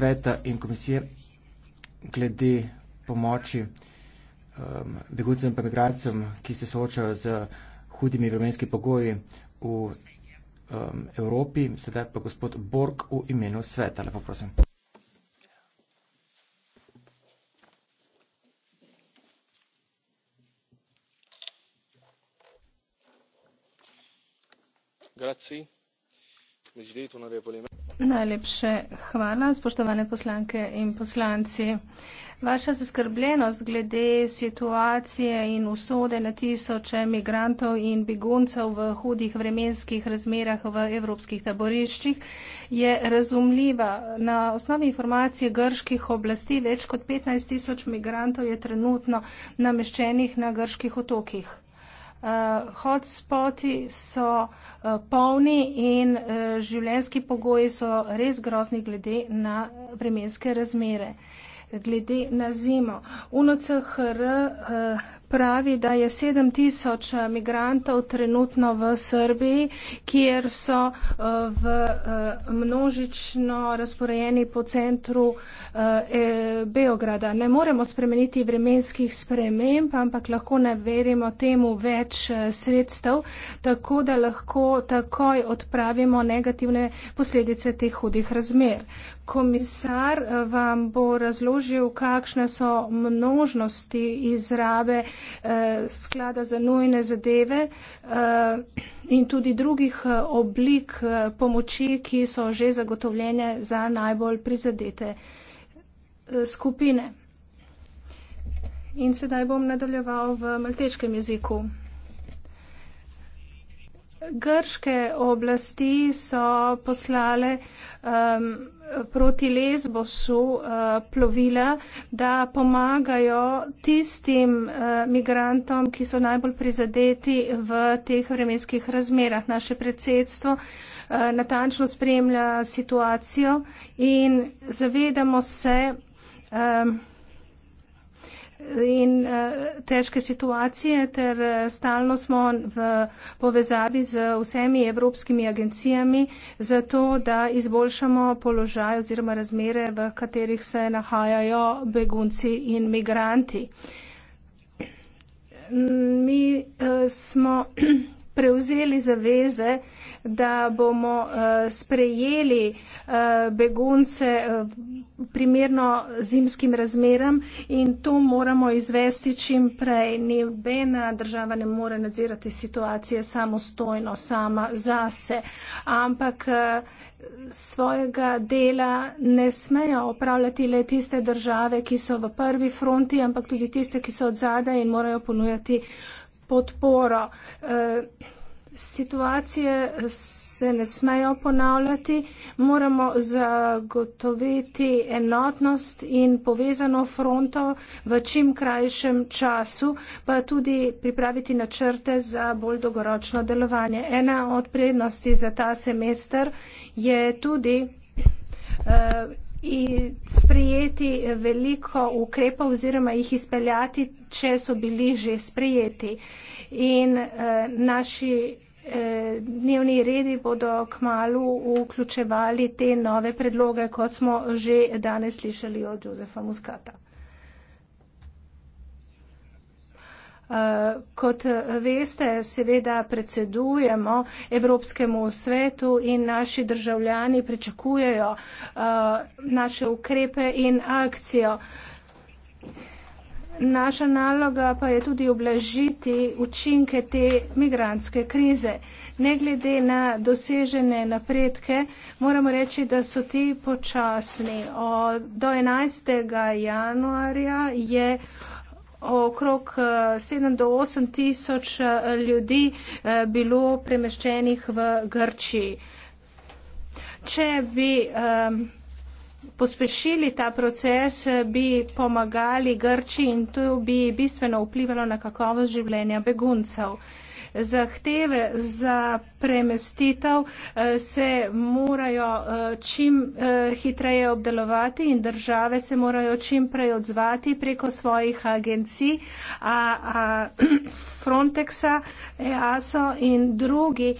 sveta in komisije glede pomoči um, beguncem in migracijam, ki se soočajo z hudimi vremenski pogoji v um, Evropi. Sedaj pa gospod Borg v imenu sveta. Lepo prosim. Grazie. Najlepše hvala, spoštovane poslanke in poslanci. Vaša zaskrbljenost glede situacije in usode na tisoče migrantov in beguncev v hudih vremenskih razmerah v evropskih taboriščih je razumljiva. Na osnovi informacij grških oblasti več kot 15 tisoč migrantov je trenutno nameščenih na grških otokih. Eh, hotspoti so eh, polni in eh, življenski pogoji so res grozni glede na vremenske razmere, glede na zimo. UNOCHR pravi, da je 7000 eh, migrantov trenutno v Srbiji, kjer so eh, v eh, množično razporejeni po centru e, Beograda. Ne moremo spremeniti vremenskih sprememb, ampak lahko naverimo temu več sredstev, tako da lahko takoj odpravimo negativne posledice teh hudih razmer. Komisar vam bo razložil, kakšne so množnosti izrabe eh, sklada za nujne zadeve eh, in tudi drugih eh, oblik eh, pomoči, ki so že zagotovljene za najbolj prizadete eh, skupine. In sedaj bom nadaljeval v malteškem jeziku. Grške oblasti so poslale um, proti Lesbosu eh, plovila, da pomagajo tistim eh, migrantom, ki so najbolj prizadeti v teh vremenskih razmerah. Naše predsedstvo eh, natančno spremlja situacijo in zavedamo se, in eh, težke situacije, ter eh, stalno smo v povezavi z vsemi evropskimi agencijami za to, da izboljšamo položaj oziroma razmere, v katerih se nahajajo begunci in migranti. Mi eh, smo prevzeli zaveze, da bomo eh, sprejeli eh, begunce eh, primerno zimskim razmeram in to moramo izvesti čim prej. Nebena država ne more nadzirati situacije samostojno, sama zase, ampak svojega dela ne smejo opravljati le tiste države, ki so v prvi fronti, ampak tudi tiste, ki so od zadaj in morajo ponujati podporo situacije se ne smejo ponavljati. Moramo zagotoviti enotnost in povezano fronto v čim krajšem času, pa tudi pripraviti načrte za bolj dolgoročno delovanje. Ena od prednosti za ta semester je tudi. Eh, in sprejeti veliko ukrepov oziroma jih izpeljati, če so bili že sprejeti in eh, naši eh, dnevni redi bodo k malu vključevali te nove predloge, kot smo že danes slišali od Josefa Muskata. Eh, kot veste, seveda predsedujemo Evropskemu svetu in naši državljani pričakujejo naše ukrepe in akcijo naša naloga pa je tudi oblažiti učinke te migranske krize. Ne glede na dosežene napredke, moramo reči, da so ti počasni. O, do 11. januarja je okrog 7 eh, do 8 tisoč eh, ljudi eh, bilo premeščenih v Grčiji. Če bi um, pospešili ta proces, bi pomagali Grči in to bi bistveno vplivalo na kakovost življenja beguncev. Zahteve za premestitev eh, se morajo eh, čim eh, hitreje obdelovati in države se morajo čim prej odzvati preko svojih agencij, a, a Frontexa, EASO in drugi.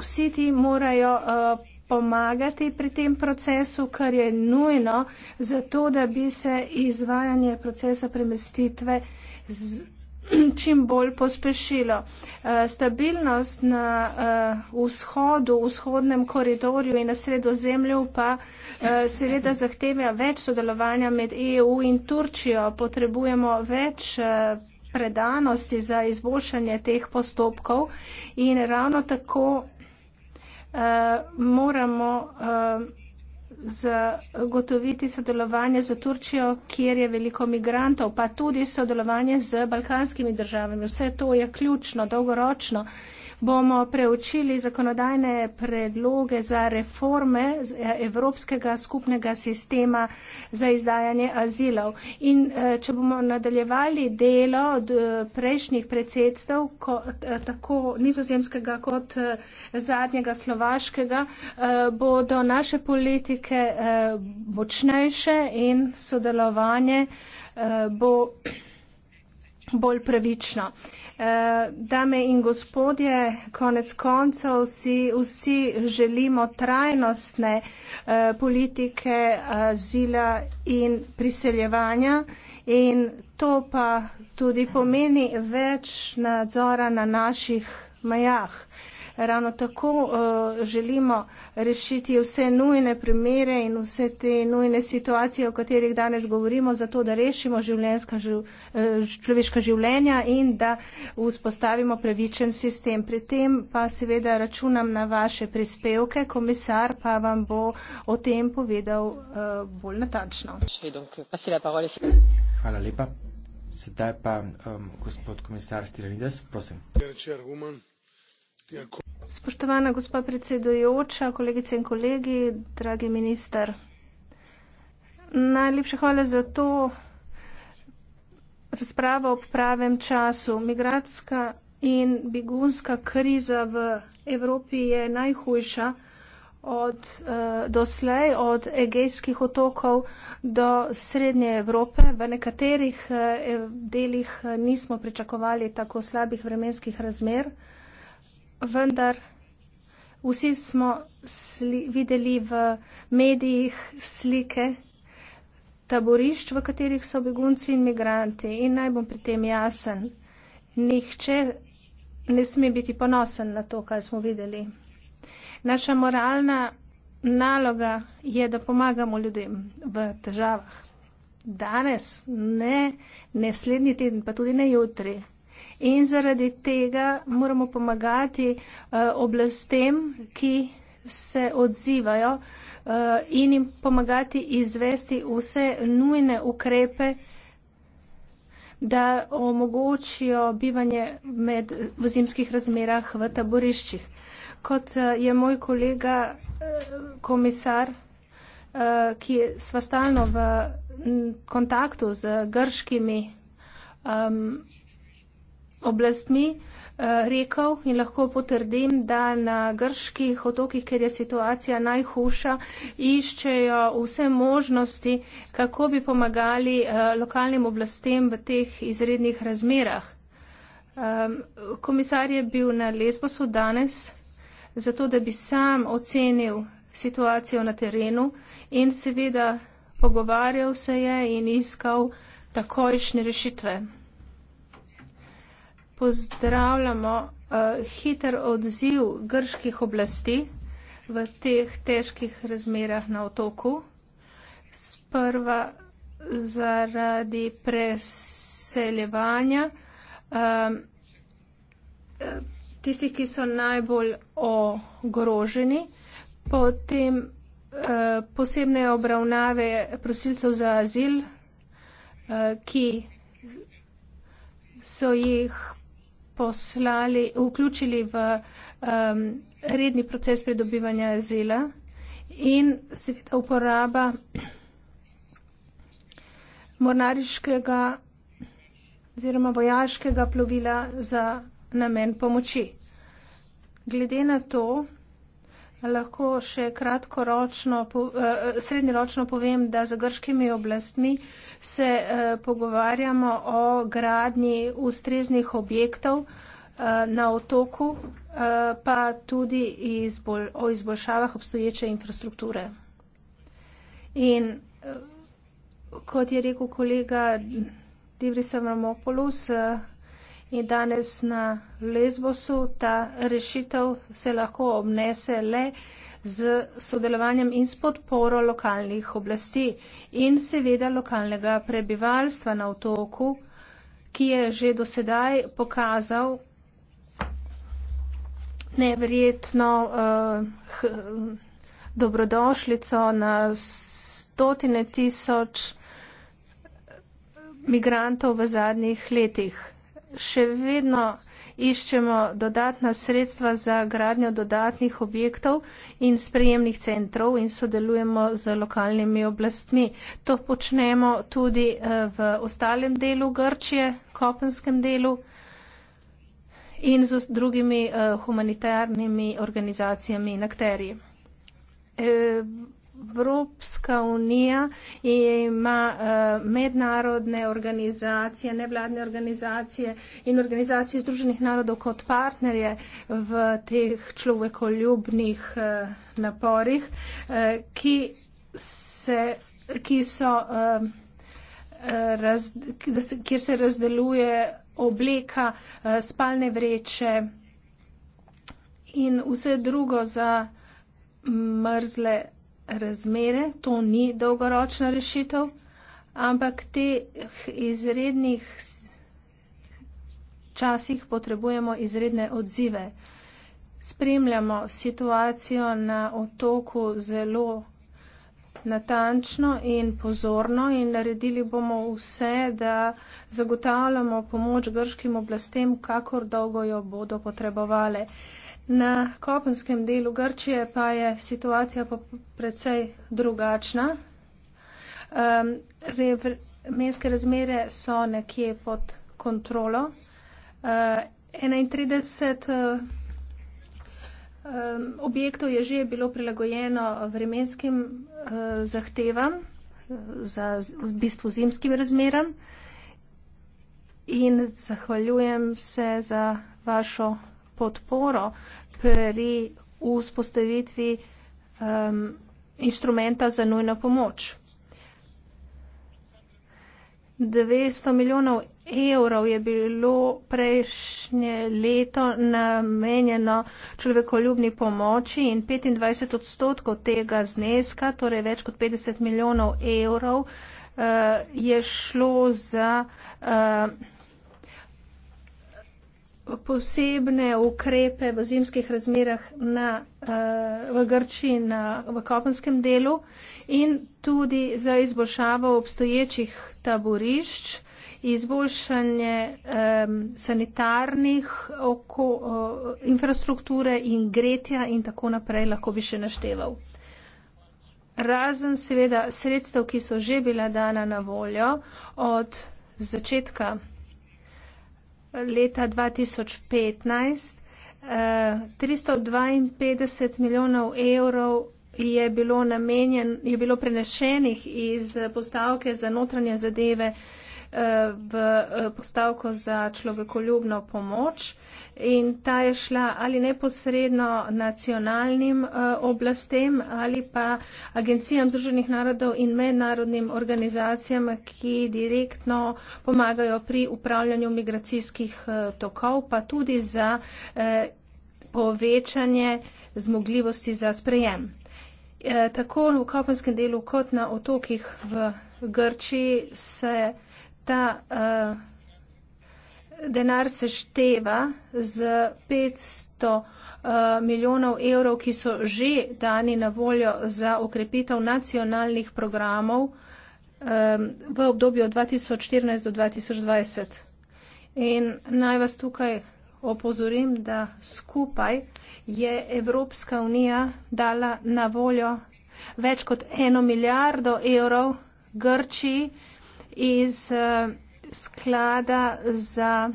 Vsi ti morajo pomagati pri tem procesu, kar je nujno, zato da bi se izvajanje procesa premestitve z, čim bolj pospešilo. Eh, stabilnost na eh, vzhodu, vzhodnem koridorju in na sredozemlju pa eh, seveda zahteva več sodelovanja med EU in Turčijo. Potrebujemo več predanosti za izboljšanje teh postopkov in ravno tako Eh, moramo eh, zagotoviti sodelovanje z Turčijo, kjer je veliko migrantov, pa tudi sodelovanje z balkanskimi državami. Vse to je ključno, dolgoročno bomo preučili zakonodajne predloge za reforme eh, Evropskega skupnega sistema za izdajanje azilov. In eh, če bomo nadaljevali delo od eh, prejšnjih predsedstv, ko, tako nizozemskega kot zadnjega slovaškega, bodo naše politike močnejše in sodelovanje bo bolj pravično. Eh, dame in gospodje, konec koncev si vsi želimo trajnostne eh, politike azila in priseljevanja in to pa tudi pomeni več nadzora na naših mejah ravno tako eh, želimo rešiti vse nujne primere in vse te nujne situacije, o katerih danes govorimo, zato da rešimo eh, človeška življenja in da vzpostavimo pravičen sistem. Pri tem pa seveda računam na vaše prispevke, komisar pa vam bo o tem povedal eh, bolj natančno. Hvala lepa. Sedaj pa um, gospod komisar Stiranides, prosim. Ja, Spoštovana gospa predsedujoča, kolegice in kolegi, dragi minister. Najlepša hvala za to razpravo ob pravem času. Migratska in begunska kriza v Evropi je najhujša od eh, doslej, od Egejskih otokov do Srednje Evrope. V nekaterih eh, delih eh, nismo pričakovali tako slabih vremenskih razmer vendar vsi smo videli v medijih slike taborišč, v katerih so begunci in migranti. In naj bom pri tem jasen, nihče ne sme biti ponosen na to, kaj smo videli. Naša moralna naloga je, da pomagamo ljudem v težavah. Danes, ne naslednji teden, pa tudi ne jutri, in zaradi tega moramo pomagati uh, oblastem, ki se odzivajo uh, in jim pomagati izvesti vse nujne ukrepe, da omogočijo bivanje med, v zimskih razmerah v taboriščih. Kot uh, je moj kolega uh, komisar, uh, ki je sva stalno v kontaktu z grškimi um, oblastmi eh, rekel in lahko potrdim, da na grških otokih, ker je situacija najhujša, iščejo vse možnosti, kako bi pomagali eh, lokalnim oblastem v teh izrednih razmerah. Komisar je bil na Lesbosu danes, zato da bi sam ocenil situacijo na terenu in seveda pogovarjal se je in iskal takojšnje rešitve pozdravljamo uh, hiter odziv grških oblasti v teh težkih razmerah na otoku. Sprva zaradi preseljevanja um, tistih, ki so najbolj ogroženi, potem uh, posebne obravnave prosilcev za azil, uh, ki so jih poslali, vključili v um, redni proces predobivanja azila in seveda uporaba mornariškega oziroma vojaškega plovila za namen pomoči. Glede na to, Lahko še kratkoročno, eh, srednjeročno povem, da z grškimi oblastmi se eh, pogovarjamo o gradnji ustreznih objektov eh, na otoku, pa tudi izbol, o izboljšavah obstoječe infrastrukture. In kot je rekel kolega Divri Samramopoulos, In danes na Lezbosu ta rešitev se lahko obnese le z sodelovanjem in s podporo lokalnih oblasti in seveda lokalnega prebivalstva na otoku, ki je že dosedaj pokazal neverjetno uh, eh, dobrodošlico na stotine tisoč migrantov v zadnjih letih še vedno iščemo dodatna sredstva za gradnjo dodatnih objektov in sprejemnih centrov in sodelujemo z lokalnimi oblastmi. To počnemo tudi eh, v ostalem delu Grčije, kopenskem delu in z drugimi eh, humanitarnimi organizacijami in akterji. E, Evropska unija ima uh, mednarodne organizacije, nevladne organizacije in organizacije Združenih narodov kot partnerje v teh človekoljubnih uh, naporih, uh, ki, se, ki so. Uh, Raz, kjer se razdeluje obleka, spalne vreče in vse drugo za mrzle razmere, to ni dolgoročna rešitev, ampak teh izrednih časih potrebujemo izredne odzive. Spremljamo situacijo na otoku zelo natančno in pozorno in naredili bomo vse, da zagotavljamo pomoč grškim oblastem, kakor dolgo jo bodo potrebovali. Na kopenskem delu Grčije pa je situacija pa precej drugačna. Um, revr, menske razmere so nekje pod kontrolo. Uh, 31 um, objektov je že bilo prilagojeno vremenskim uh, zahtevam, eh, za v bistvu zimskim razmeram. In zahvaljujem se za vašo podporo pri vzpostavitvi um, inštrumenta za nujno pomoč. 200 milijonov evrov je bilo prejšnje leto namenjeno človekoljubni pomoči in 25 odstotkov tega zneska, torej več kot 50 milijonov evrov, uh, je šlo za uh, posebne ukrepe v zimskih razmerah na, eh, v Grčiji na, v kopenskem delu in tudi za izboljšavo obstoječih taborišč, izboljšanje um, sanitarnih oko, uh, infrastrukture in gretja in tako naprej lahko bi še našteval. Razen seveda sredstev, ki so že bila dana na voljo od začetka leta 2015. 352 eh, milijonov evrov je bilo namenjen, je bilo prenešenih iz postavke za notranje zadeve v eh, postavko za človekoljubno pomoč in ta je šla ali neposredno nacionalnim eh, oblastem ali pa agencijam Združenih narodov in mednarodnim organizacijam, ki direktno pomagajo pri upravljanju migracijskih eh, tokov, pa tudi za povečanje zmogljivosti za sprejem. Tako v kopenskem delu kot na otokih v Grčiji se ta eh, denar se števa z 500 eh, milijonov evrov, ki so že dani na voljo za ukrepitev nacionalnih programov eh, v obdobju od 2014 do 2020. In naj vas tukaj opozorim, da skupaj je Evropska unija dala na voljo več kot eno milijardo evrov Grčiji, iz eh, sklada za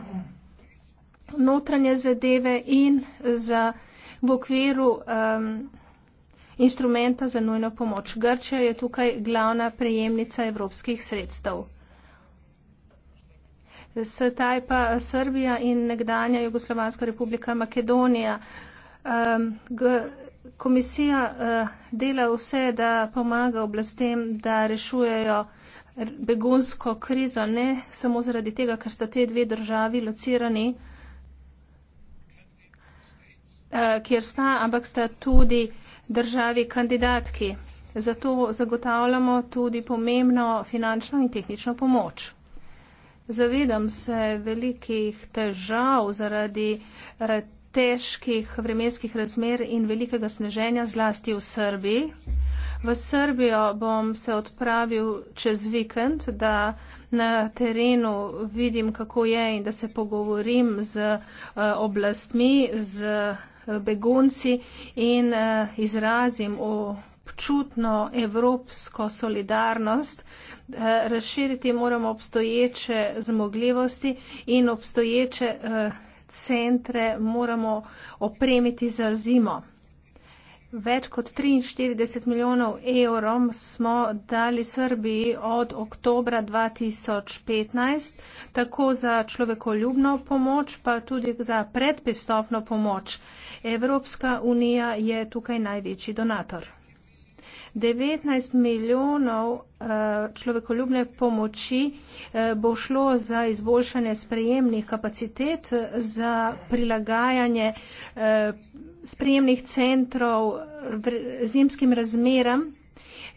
notranje zadeve in za v okviru um, instrumenta za nujno pomoč. Grčija je tukaj glavna prejemnica evropskih sredstev. Sedaj pa Srbija in nekdanja Jugoslovanska republika Makedonija. Um, g, komisija uh, dela vse, da pomaga oblastem, da rešujejo begunsko krizo, ne samo zaradi tega, ker sta te dve državi locirani, eh, kjer sta, ampak sta tudi državi kandidatki. Zato zagotavljamo tudi pomembno finančno in tehnično pomoč. Zavedam se velikih težav zaradi eh, težkih vremenskih razmer in velikega sneženja zlasti v Srbiji. V Srbijo bom se odpravil čez vikend, da na terenu vidim, kako je in da se pogovorim z eh, oblastmi, z eh, begunci in eh, izrazim o občutno evropsko solidarnost. Razširiti moramo obstoječe zmogljivosti in obstoječe centre moramo opremiti za zimo. Več kot 43 milijonov evrov smo dali Srbiji od oktobra 2015, tako za človekoljubno pomoč, pa tudi za predpistofno pomoč. Evropska unija je tukaj največji donator. 19 milijonov eh, človekoljubne pomoči eh, bo šlo za izboljšanje sprejemnih kapacitet, za prilagajanje eh, sprejemnih centrov v zimskim razmeram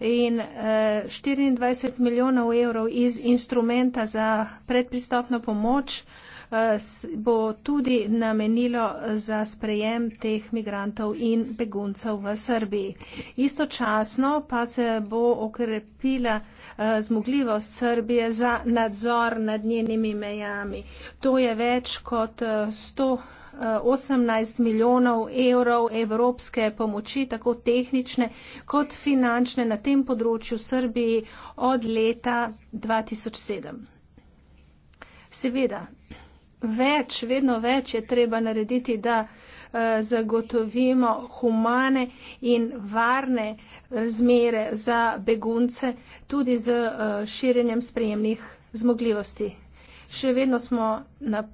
in 24 eh, milijonov evrov iz instrumenta za predpristopno pomoč eh, bo tudi namenilo za sprejem teh migrantov in beguncev v Srbiji. Istočasno pa se bo okrepila eh, zmogljivost Srbije za nadzor nad njenimi mejami. To je več kot 100 18 eh, milijonov evrov evropske pomoči, tako tehnične kot finančne, na tem področju Srbiji od leta 2007. Seveda, več, vedno več je treba narediti, da eh, zagotovimo humane in varne razmere za begunce, tudi z eh, širjenjem sprejemnih zmogljivosti. Še vedno smo na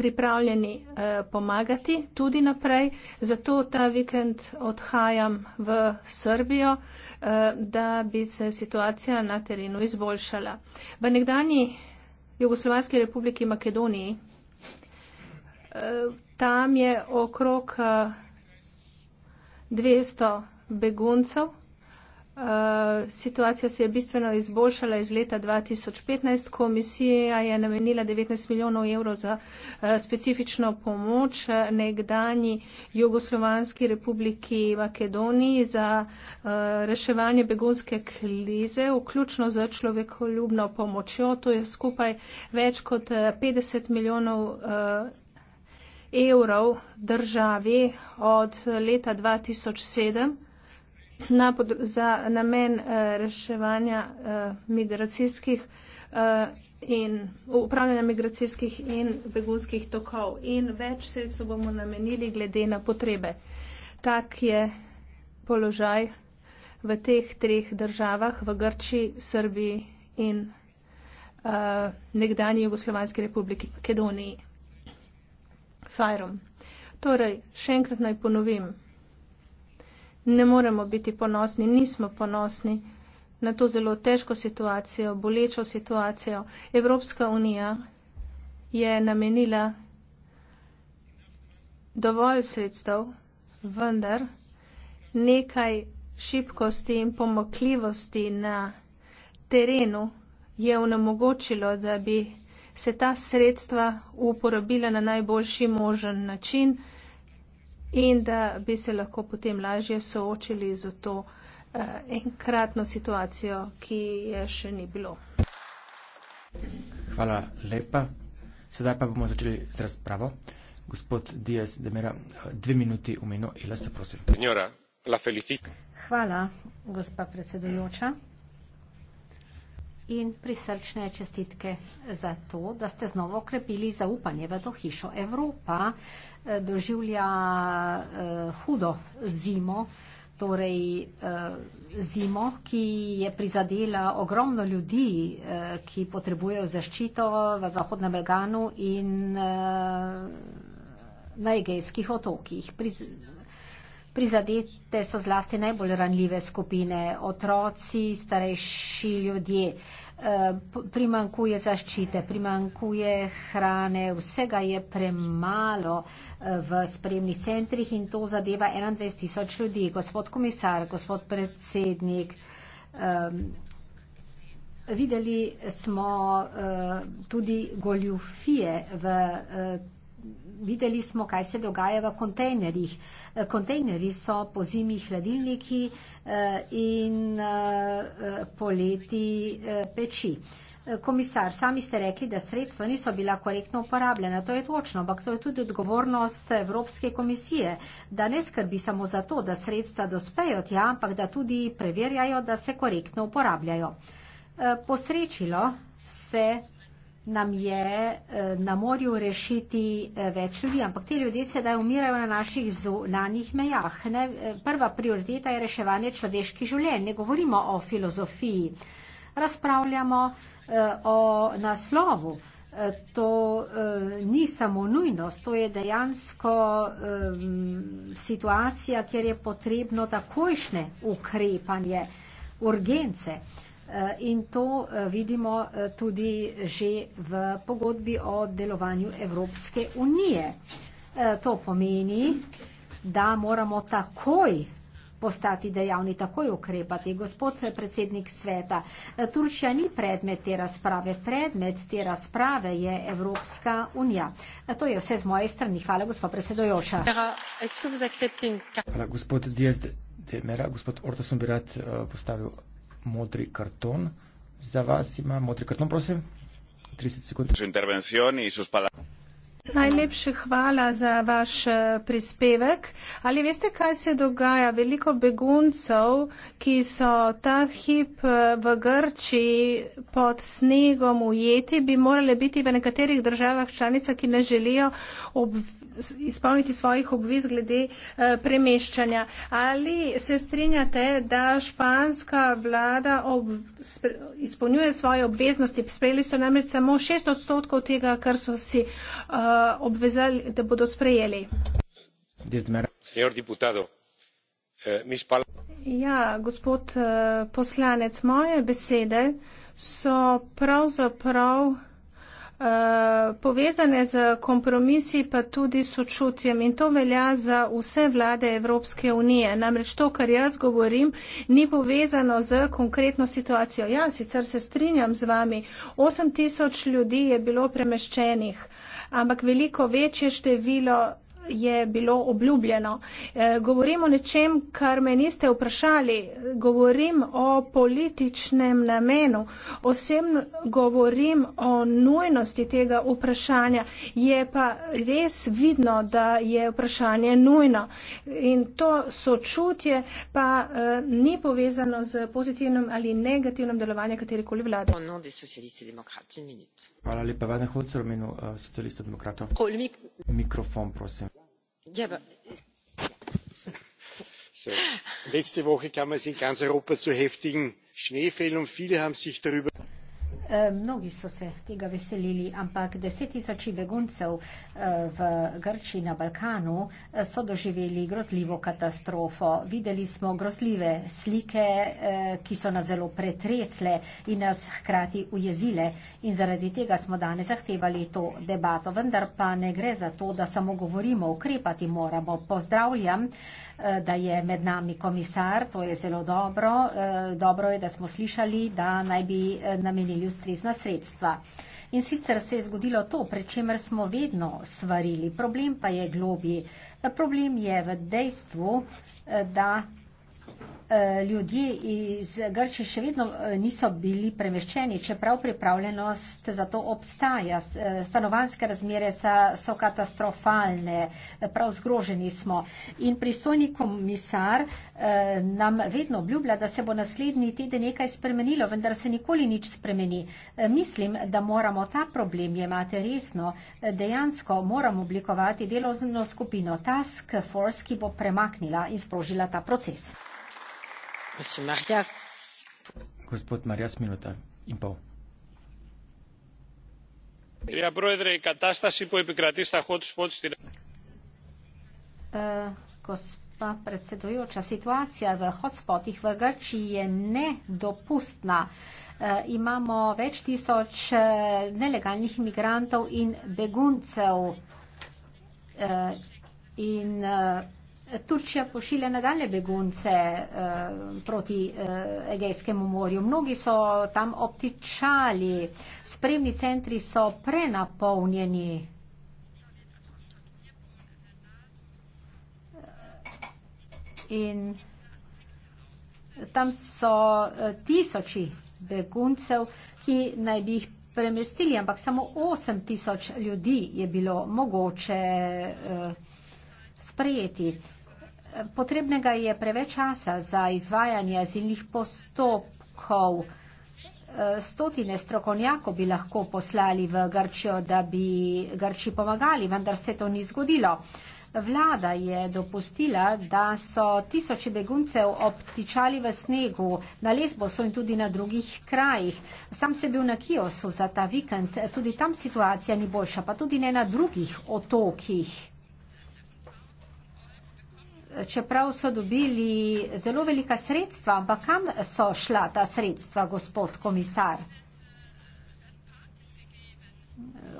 pripravljeni eh, pomagati tudi naprej, zato ta vikend odhajam v Srbijo, eh, da bi se situacija na terenu izboljšala. V nekdani Jugoslovanski republiki Makedoniji, eh, tam je okrog eh, 200 beguncev, Eh, situacija se je bistveno izboljšala iz leta 2015. Komisija je namenila 19 milijonov evrov za eh, specifično pomoč eh, nekdani Jugoslovanski republiki Makedoniji za reševanje begunske krize, vključno za človekoljubno pomočjo. To je skupaj več kot 50 milijonov evrov državi od leta 2007 na za namen eh, reševanja eh, migracijskih eh, in upravljanja migracijskih in begunskih tokov in več sredstev bomo namenili glede na potrebe. Tak je položaj v teh treh državah, v Grčiji, Srbiji in uh, nekdanji Jugoslovanski republiki Makedoniji. Fajrom. Torej, še enkrat naj ponovim ne moremo biti ponosni, nismo ponosni na to zelo težko situacijo, bolečo situacijo. Evropska unija je namenila dovolj sredstev, vendar nekaj šibkosti in pomokljivosti na terenu je onemogočilo, da bi se ta sredstva uporabila na najboljši možen način in da bi se lahko potem lažje soočili z to uh, enkratno situacijo, ki je še ni bilo. Hvala lepa. Sedaj pa bomo začeli z razpravo. Gospod Dijas Demera, eh, dve minuti v meno, Ila, se prosim. Signora, la Hvala, gospa predsedujoča in prisrčne čestitke za to, da ste znova okrepili zaupanje v to hišo. Evropa eh, doživlja eh, hudo zimo, torej eh, zimo, ki je prizadela ogromno ljudi, ki potrebujejo zaščito v Zahodnem Belganu in na Egejskih otokih. Prizadete so zlasti najbolj ranljive skupine, otroci, starejši ljudje. Eh, primankuje zaščite, primankuje hrane, vsega je premalo eh, v spremnih centrih in to zadeva 21 tisoč ljudi. Gospod komisar, gospod predsednik, eh, videli smo tudi goljufije v videli smo, kaj se dogaja v kontejnerjih. Eh, kontejnerji so po zimi hladilniki eh, in eh, po leti peči. Komisar, sami ste rekli, da sredstva niso bila korektno uporabljena. To je točno, ampak to je tudi odgovornost Evropske komisije, da ne skrbi samo za to, da sredstva dospejo tja, ampak da tudi preverjajo, da se korektno uporabljajo. Posrečilo se nam je eh, na morju rešiti eh, več ljudi, ampak te ljudje sedaj umirajo na naših zunanjih mejah. Ne? Eh, prva prioriteta je reševanje človeških življenj. Ne govorimo o filozofiji, razpravljamo o naslovu. To ni samo nujnost, to je dejansko situacija, kjer je potrebno takojšnje ukrepanje, urgence. Eh, in to eh, vidimo eh, tudi že v pogodbi o delovanju Evropske unije. To pomeni, da moramo takoj postati dejavni, takoj ukrepati. Gospod predsednik sveta, Turčija ni predmet te razprave, predmet te razprave je Evropska unija. To je vse z moje strani. Hvala, gospa predsedojoča. Hvala, gospod Diaz de Mera. Gospod Ortosom bi rad postavil modri karton. Za vas ima modri karton, prosim. 30 sekund. Vašo intervencijo in sus palavra. Najlepše hvala za vaš eh, prispevek. Ali veste, kaj se dogaja? Veliko beguncev, ki so ta hip eh, v Grči pod snegom ujeti, bi morali biti v nekaterih državah članica, ki ne želijo obvestiti izpolniti svojih obvez glede eh, premeščanja. Ali se strinjate, da španska vlada ob, izpolnjuje svoje obveznosti? Sprejeli so namreč samo šest odstotkov tega, kar so si eh, obvezali, da bodo sprejeli. Eh, ja, gospod poslanec, moje besede so pravzaprav. Uh, povezane z kompromisi pa tudi sočutjem in to velja za vse vlade Evropske unije. Namreč to, kar jaz govorim, ni povezano z konkretno situacijo. Ja, sicer se strinjam z vami, 8 tisoč ljudi je bilo premeščenih, ampak veliko večje število je bilo obljubljeno. E, govorim o nečem, kar me niste vprašali. Govorim o političnem namenu. Osebno govorim o nujnosti tega vprašanja. Je pa res vidno, da je vprašanje nujno. In to sočutje pa e, ni povezano z pozitivnim ali negativnim delovanjem katerikoli vlade. Hvala lepa, Vane Hocer, v imenu e, socialistov demokratov. Mikrofon, prosim. Ja, letzte woche kam es in ganz europa zu heftigen schneefällen und viele haben sich darüber aufgeregt. Eh, mnogi so se tega veselili, ampak deset tisoči beguncev eh, v Grčiji na Balkanu eh, so doživeli grozljivo katastrofo. Videli smo grozljive slike, ki so nas zelo pretresle in nas hkrati ujezile in zaradi tega smo danes zahtevali to debato. Vendar pa ne gre za to, da samo govorimo, ukrepati moramo. Pozdravljam. Eh, da je med nami komisar, to je zelo dobro. Eh, dobro je, da smo slišali, da naj bi eh, namenili ustrezna sredstva. In sicer se je zgodilo to, pred čemer smo vedno svarili. Problem pa je globi. Problem je v dejstvu, da Eh, ljudje iz Grčije še vedno eh, niso bili premeščeni, čeprav pripravljenost za to obstaja. Eh, Stanovanske razmere so katastrofalne, prav zgroženi smo. In pristojni komisar nam vedno obljublja, da se bo naslednji teden nekaj spremenilo, vendar se nikoli nič spremeni. Mislim, da moramo ta problem jemati resno. Dejansko moramo oblikovati delovno skupino Task Force, ki bo premaknila in sprožila ta proces gospa predsedujoča situacija v hotspotih v grčiji je nedopustna imamo več tisoč e, nelegalnih migrantov in beguncev e, in e, Turčija pošilja nadalje begunce uh, proti uh, Egejskemu morju. Mnogi so tam optičali, spremni centri so prenapolnjeni. In tam so uh, tisoči beguncev, ki naj bi jih premestili, ampak samo 8 tisoč ljudi je bilo mogoče uh, sprejeti potrebnega je preveč časa za izvajanje azilnih postopkov. E, stotine strokovnjakov bi lahko poslali v Grčijo, da bi Grči pomagali, vendar se to ni zgodilo. Vlada je dopustila, da so tisoči beguncev obtičali v snegu, na Lesbosu in tudi na drugih krajih. Sam sem bil na Kiosu za ta vikend, tudi tam situacija ni boljša, pa tudi ne na drugih otokih čeprav so dobili zelo velika sredstva, ampak kam so šla ta sredstva, gospod komisar?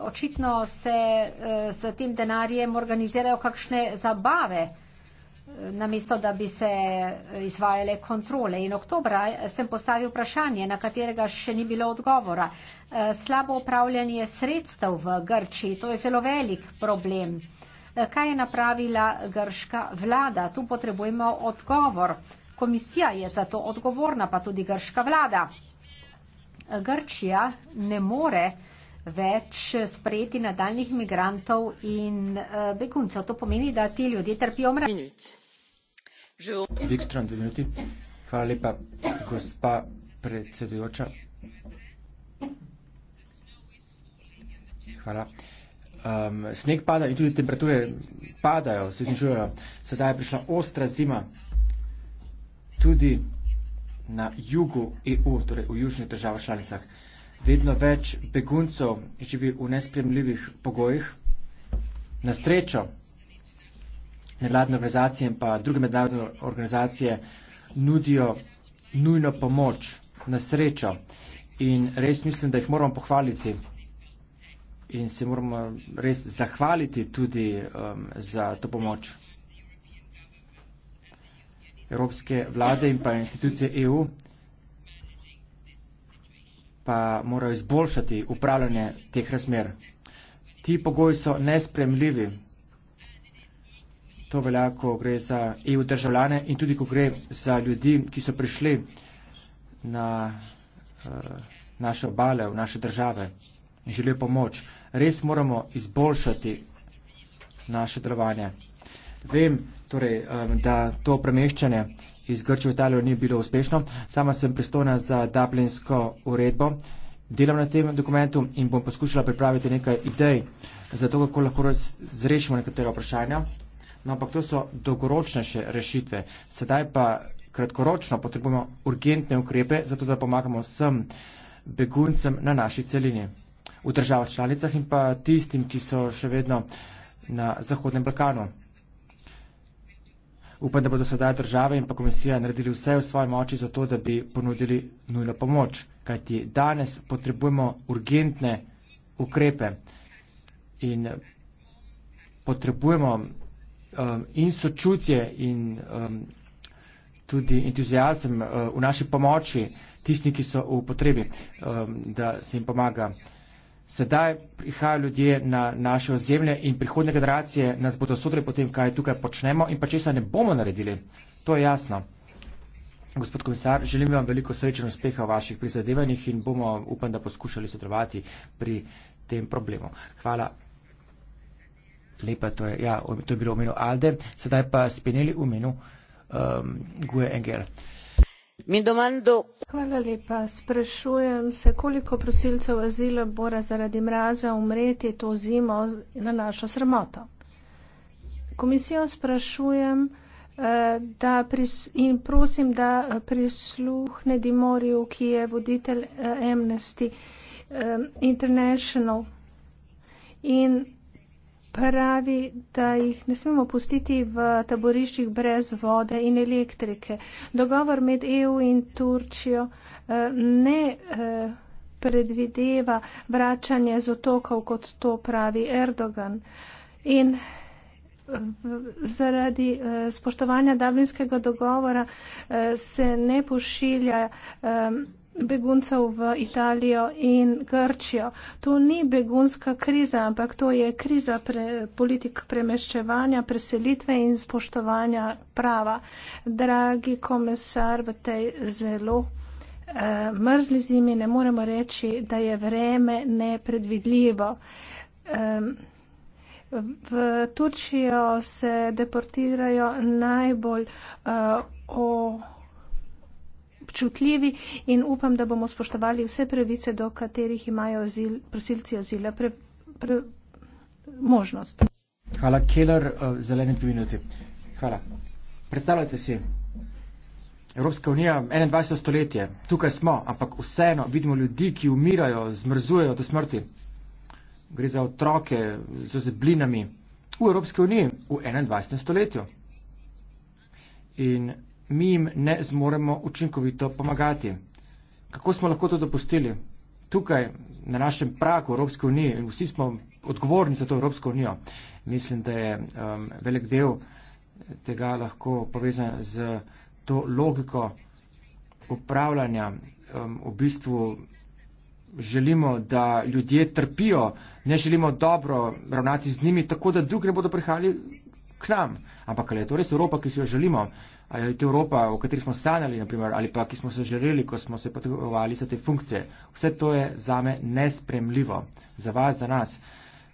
Očitno se z eh, tem denarjem organizirajo kakšne zabave, eh, namesto da bi se eh, izvajale kontrole. In oktobra sem postavil vprašanje, na katerega še ni bilo odgovora. Slabo upravljanje sredstev v Grčiji, to je zelo velik problem. Eh, kaj je napravila grška vlada. Tu potrebujemo odgovor. Komisija je za to odgovorna, pa tudi grška vlada. Grčija ne more več sprejeti nadaljnih migrantov in eh, beguncev. To pomeni, da ti ljudje trpijo mra. Hvala lepa, gospa predsedujoča. Hvala um, sneg pada in tudi temperature padajo, se znižujejo. Sedaj je prišla ostra zima tudi na jugu EU, torej v južnih državah članicah. Vedno več beguncev živi v nespremljivih pogojih. Na srečo nevladne organizacije in pa druge mednarodne organizacije nudijo nujno pomoč na srečo in res mislim, da jih moramo pohvaliti in se moramo res zahvaliti tudi um, za to pomoč. Evropske vlade in pa institucije EU pa morajo izboljšati upravljanje teh razmer. Ti pogoji so nespremljivi. To velja, ko gre za EU državljane in tudi, ko gre za ljudi, ki so prišli na uh, naše obale, v naše države in želijo pomoč res moramo izboljšati naše delovanje. Vem, torej, um, da to premeščanje iz Grče v Italijo ni bilo uspešno. Sama sem pristojna za Dublinsko uredbo. Delam na tem dokumentu in bom poskušala pripraviti nekaj idej za to, kako lahko razrešimo nekatera vprašanja. No, ampak to so dolgoročnejše rešitve. Sedaj pa kratkoročno potrebujemo urgentne ukrepe, zato da pomagamo vsem beguncem na naši celini v državah članicah in pa tistim, ki so še vedno na Zahodnem Balkanu. Upam, da bodo sedaj države in pa komisija naredili vse v svoji moči za to, da bi ponudili nujno pomoč, kajti danes potrebujemo urgentne ukrepe in potrebujemo um, in sočutje in um, tudi entuzijazem uh, v naši pomoči tistim, ki so v potrebi, um, da se jim pomaga sedaj prihajajo ljudje na naše ozemlje in prihodne generacije nas bodo sodili po tem, kaj tukaj počnemo in pa česa ne bomo naredili. To je jasno. Gospod komisar, želim vam veliko sreče in uspeha v vaših prizadevanjih in bomo, upam, da poskušali sodelovati pri tem problemu. Hvala. Lepa to je. Ja, to je bilo v imenu Alde. Sedaj pa spineli v imenu um, Guje Engel sprašujem se koliko prosilcev azila mora zaradi mraza umreti to zimo na našo sramoto komisijo sprašujem eh, da pris, in prosim da eh, prisluhne dimoriju ki je voditelj eh, amnesty international in pravi, da jih ne smemo pustiti v taboriščih brez vode in elektrike. Dogovor med EU in Turčijo eh, ne eh, predvideva vračanje z otokov, kot to pravi Erdogan. In eh, zaradi spoštovanja Dublinskega dogovora se ne pošilja beguncev v Italijo in Grčijo. To ni begunska kriza, ampak to je kriza pre, politik premeščevanja, preselitve in spoštovanja prava. Dragi komisar, v tej zelo eh, mrzli zimi ne moremo reči, da je vreme nepredvidljivo. Eh, v Turčijo se deportirajo najbolj eh, o občutljivi in upam, da bomo spoštovali vse pravice, do katerih imajo azil, prosilci azila pre, pre, možnost. Hvala, Keller, eh, zelene dve minuti. Hvala. Predstavljajte si, Evropska unija, 21. stoletje, tukaj smo, ampak vseeno vidimo ljudi, ki umirajo, zmrzujejo do smrti. Gre za otroke z zeblinami v Evropski uniji v 21. stoletju. In mi jim ne zmoremo učinkovito pomagati. Kako smo lahko to dopustili? Tukaj, na našem pragu Evropske unije, in vsi smo odgovorni za to Evropsko unijo, mislim, da je um, velik del tega lahko povezan z to logiko upravljanja. Um, v bistvu želimo, da ljudje trpijo, ne želimo dobro ravnati z njimi, tako da drugi ne bodo prihajali k nam. Ampak ali je to res Evropa, ki si jo želimo? ali je to Evropa, o kateri smo sanjali, naprimer, ali pa ki smo se želeli, ko smo se potegovali za te funkcije. Vse to je zame nespremljivo. Za vas, za nas,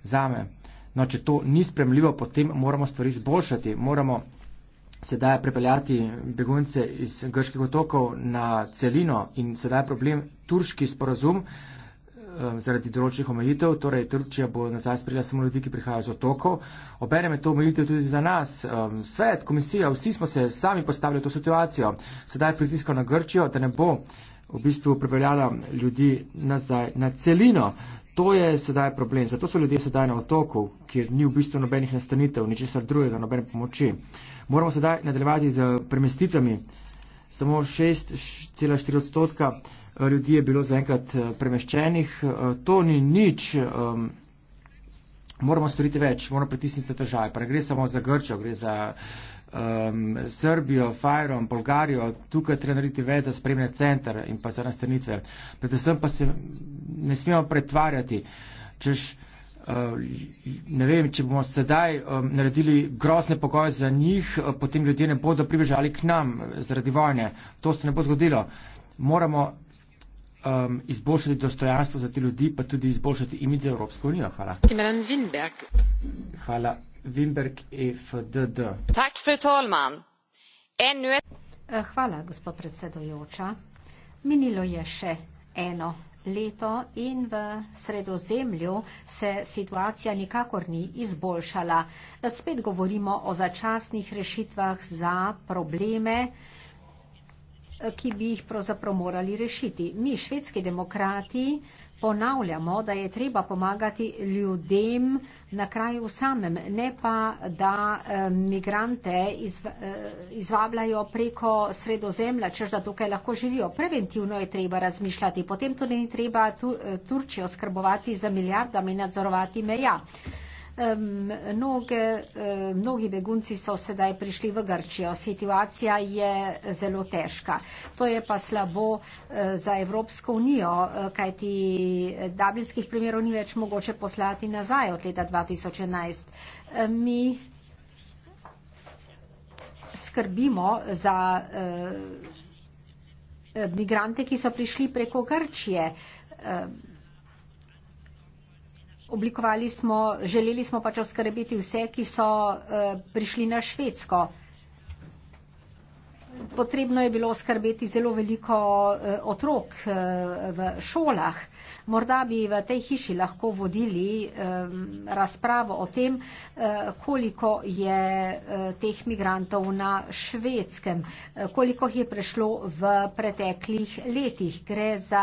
zame. No, če to ni spremljivo, potem moramo stvari izboljšati. Moramo sedaj prepeljati begunce iz grških otokov na celino in sedaj je problem turški sporazum. Uh, Eh, zaradi določenih omejitev, torej Turčija bo nazaj sprejela samo ljudi, ki prihajajo z otokov. Obenem je to omejitev tudi za nas. Um, svet, komisija, vsi smo se sami postavili v to situacijo. Sedaj pritiskal na Grčijo, da ne bo v bistvu pripeljala ljudi nazaj na celino. To je sedaj problem. Zato so ljudje sedaj na otoku, kjer ni v bistvu nobenih nastanitev, ničesar drugega, nobene pomoči. Moramo sedaj nadaljevati z premestitvami. Samo 6,4 odstotka ljudi je bilo zaenkrat eh, premeščenih. Eh, to ni nič, moramo storiti več, moramo pritisniti države. Pa ne gre samo za Grčo, gre za. Um, Srbijo, Fajrom, Bolgarijo, tukaj treba narediti več za spremljanje centra in pa za nastanitve. Predvsem pa se ne smemo pretvarjati, češ, uh, ne vem, če bomo sedaj um, naredili grozne pogoje za njih, potem ljudje ne bodo pribežali k nam zaradi vojne. To se ne bo zgodilo. Moramo um, izboljšati dostojanstvo za te ljudi, pa tudi izboljšati imid za Evropsko unijo. Hvala. Hvala. Vinberg e FDD. Tak, Fritolman. Et... Eh, hvala, gospod predsedojoča. Minilo je še eno leto in v sredozemlju se situacija nikakor ni izboljšala. Spet govorimo o začasnih rešitvah za probleme, ki bi jih pravzaprav morali rešiti. Mi, švedski demokrati, ponavljamo, da je treba pomagati ljudem na kraju samem, ne pa, da eh, migrante izv, eh, izvabljajo preko sredozemlja, čež da tukaj lahko živijo. Preventivno je treba razmišljati, potem tudi ni treba tu, eh, Turčijo skrbovati za milijardami nadzorovati meja. Mnoge, mnogi begunci so sedaj prišli v Grčijo. Situacija je zelo težka. To je pa slabo e, za Evropsko unijo, e, kajti dublinskih primerov ni več mogoče poslati nazaj od leta 2011. Mi skrbimo za e, migrante, ki so prišli preko Grčije. Oblikovali smo, želeli smo pač oskrbeti vse, ki so eh, prišli na Švedsko. Potrebno je bilo skrbeti zelo veliko eh, otrok eh, v šolah. Morda bi v tej hiši lahko vodili eh, razpravo o tem, koliko je teh migrantov na švedskem, koliko jih je prišlo v preteklih letih. Gre za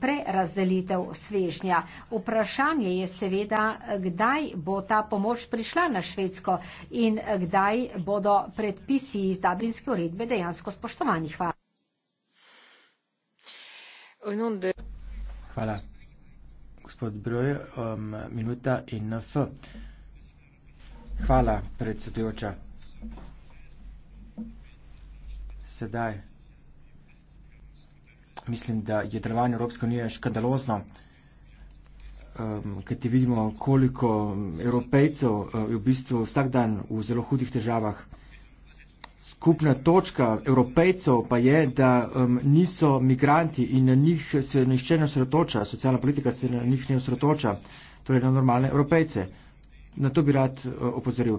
prerazdelitev svežnja. Vprašanje je seveda, kdaj bo ta pomoč prišla na švedsko in kdaj bodo predpisi iz Dublinske uredbe uredbe dejansko spoštovani. Hvala. Hvala. Gospod Breuer, um, minuta INF. Hvala, predsedujoča. Sedaj mislim, da je delovanje Evropske unije škandalozno, um, kajti vidimo, koliko Evropejcev uh, je v bistvu vsak dan v zelo hudih težavah skupna točka evropejcev pa je, da um, niso migranti in na njih se nišče ne osredotoča, socialna politika se na njih ne osredotoča, torej na normalne evropejce. Na to bi rad uh, opozoril.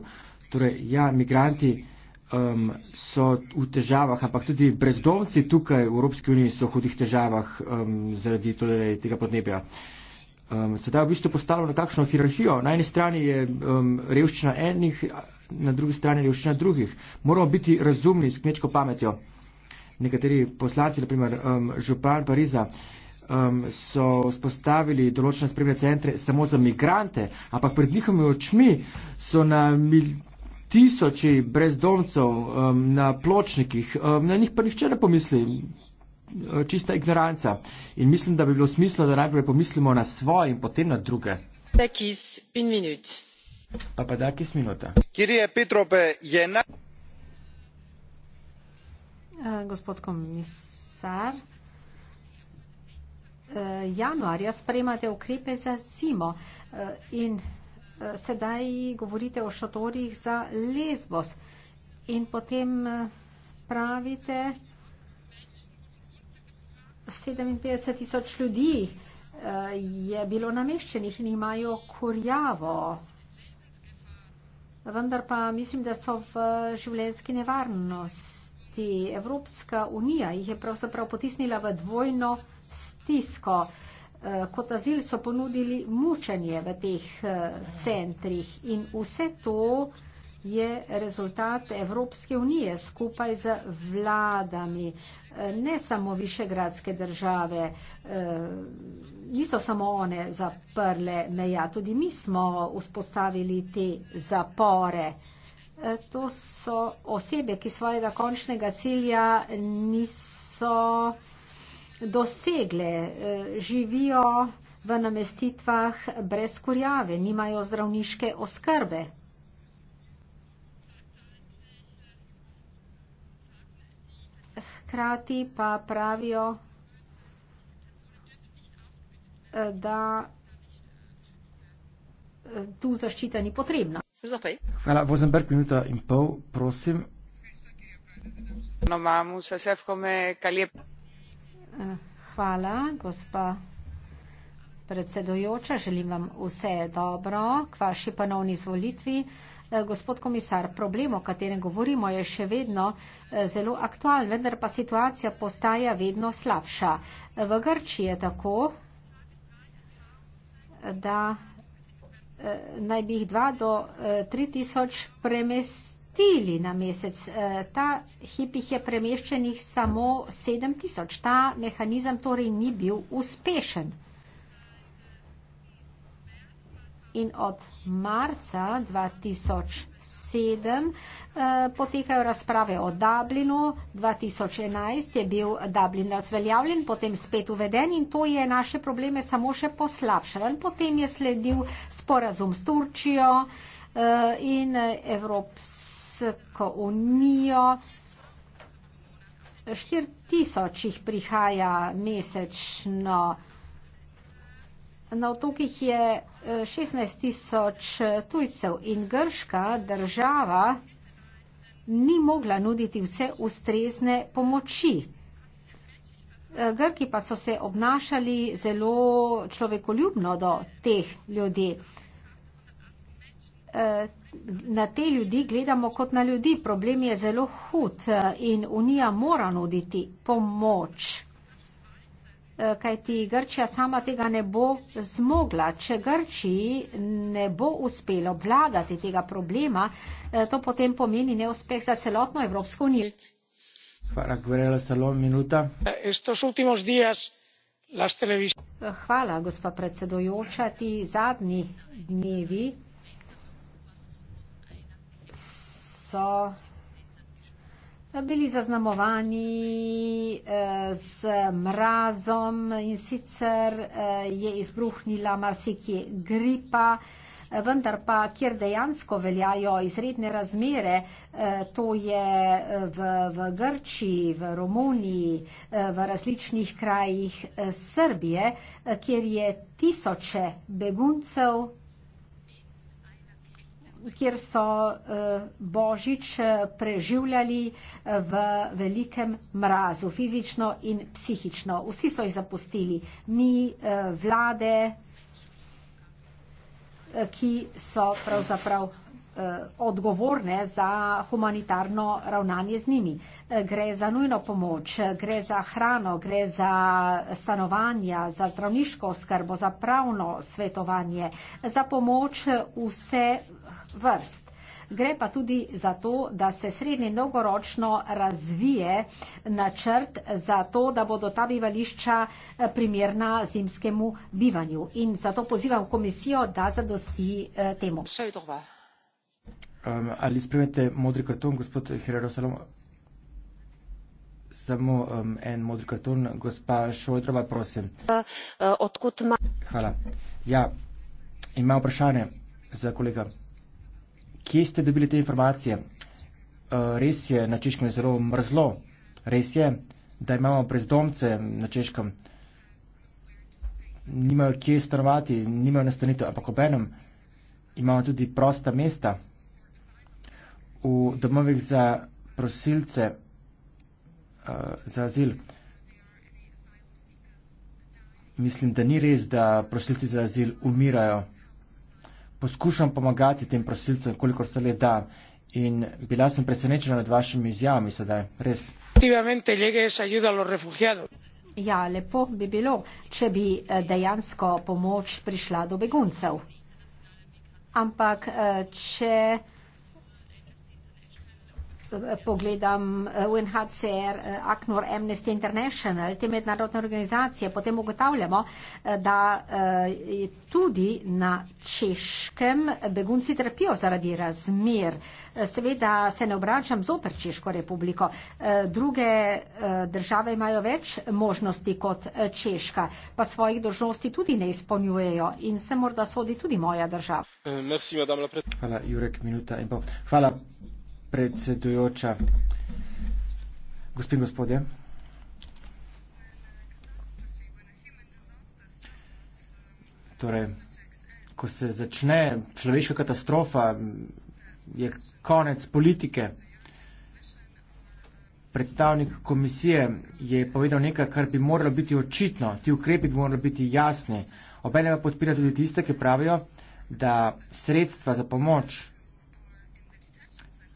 Torej, ja, migranti um, so v težavah, ampak tudi brezdomci tukaj v Evropski uniji so v hudih težavah um, zaradi torej, tega podnebja. Um, sedaj v bistvu postavljamo na takšno hierarhijo. Na eni strani je um, revščina enih na drugi strani revščina drugih. Moramo biti razumni s kmečko pametjo. Nekateri poslanci, naprimer um, župan Pariza, um, so spostavili določene spremne centre samo za migrante, ampak pred njihovimi očmi so na mil tisoči brezdomcev um, na pločnikih, um, na njih pa nihče ne pomisli. Uh, čista ignoranca. In mislim, da bi bilo smisla, da najprej pomislimo na svoje in potem na druge. Tekis, en minut. Papadakis, minuta. Kirije Petrope je na. Gospod komisar, e, januarja spremate ukrepe za zimo e, in e, sedaj govorite o šatorjih za lezbos in potem pravite 57 tisoč ljudi je bilo nameščenih in imajo kurjavo vendar pa mislim, da so v življenjski nevarnosti. Evropska unija jih je pravzaprav potisnila v dvojno stisko. Eh, kot azil so ponudili mučenje v teh eh, centrih in vse to je rezultat Evropske unije skupaj z vladami, eh, ne samo višegradske države niso samo one zaprle meja, tudi mi smo vzpostavili te zapore. E, to so osebe, ki svojega končnega cilja niso dosegle, e, živijo v namestitvah brez kurjave, nimajo zdravniške oskrbe. Hkrati pa pravijo, da eh, tu zaščita ni potrebna. Hvala, Vozenberg, minuta in pol, prosim. Eh, hvala, gospa predsedujoča, želim vam vse dobro k vaši ponovni izvolitvi. Eh, gospod komisar, problem, o katerem govorimo, je še vedno zelo aktualen, vendar pa situacija postaja vedno slabša. V Grčiji je tako, da eh, naj bi jih dva do eh, tri tisoč premestili na mesec. Eh, ta hip jih je premeščenih samo sedem tisoč. Ta mehanizem torej ni bil uspešen. In od marca sedem eh, potekajo razprave o Dublinu, 2011 je bil Dublin razveljavljen, potem spet uveden in to je naše probleme samo še poslabšalo. Potem je sledil sporazum s Turčijo eh, in Evropsko unijo. 4000 jih prihaja mesečno. Na otokih je 16 tisoč eh, tujcev in grška država ni mogla nuditi vse ustrezne pomoči. Eh, Grki pa so se obnašali zelo človekoljubno do teh ljudi. Eh, na te ljudi gledamo kot na ljudi. Problem je zelo hud in Unija mora nuditi pomoč. Eh, kajti Grčija sama tega ne bo zmogla. Če Grčiji ne bo uspelo vladati tega problema, eh, to potem pomeni neuspeh za celotno Evropsko unijo. Hvala, Gvarela Salom, minuta. Eh, hvala, gospa predsedojoča, ti zadnji dnevi so bili zaznamovani eh, z mrazom in sicer eh, je izbruhnila marsikje gripa, eh, vendar pa, kjer dejansko veljajo izredne razmere, to je v, v Grčiji, v Romuniji, v različnih krajih Srbije, kjer je tisoče beguncev kjer so eh, Božič eh, preživljali eh, v velikem mrazu, fizično in psihično. Vsi so jih zapustili. Mi, vlade, ki so pravzaprav Eh, odgovorne za humanitarno ravnanje z njimi. Eh, gre za nujno pomoč, gre za hrano, gre za stanovanja, za zdravniško oskrbo, za pravno svetovanje, za pomoč vse vrst. Gre pa tudi za to, da se srednje dolgoročno razvije načrt za to, da bodo ta bivališča eh, primerna zimskemu bivanju. In zato pozivam komisijo, da zadosti temu. Vse je dobro. Um, ali spremljate modri karton, gospod Herero Salomo? Samo um, en modri karton, gospa Šojdrova, prosim. Uh, uh, odkud ima? Hvala. Ja, ima vprašanje za kolega. Kje ste dobili te informacije? Uh, res je, na češkem je zelo mrzlo. Res je, da imamo brezdomce na češkem. Nimajo kje stanovati, nimajo nastanitev, ampak obenem imamo tudi prosta mesta v domovih za prosilce uh, za azil. Mislim, da ni res, da prosilci za azil umirajo. Poskušam pomagati tem prosilcem, kolikor se le da. In bila sem presenečena nad vašimi izjavami sedaj, res. Ja, lepo bi bilo, če bi eh, dejansko pomoč prišla do beguncev. Ampak eh, če pogledam eh, UNHCR, eh, ACNUR, Amnesty International, te mednarodne organizacije, potem ugotavljamo, eh, da tudi na Češkem begunci trpijo zaradi razmer. Seveda se ne obračam zoper Češko republiko. Druge države imajo več možnosti kot Češka, pa svojih dožnosti tudi ne izpolnjujejo in se morda sodi tudi moja država. Hvala, Jurek, minuta in pol. Hvala predsedujoča. Gospe in gospodje. Torej, ko se začne človeška katastrofa, je konec politike. Predstavnik komisije je povedal nekaj, kar bi moralo biti očitno, ti ukrepi bi morali biti jasni. Obenem podpira tudi tiste, ki pravijo, da sredstva za pomoč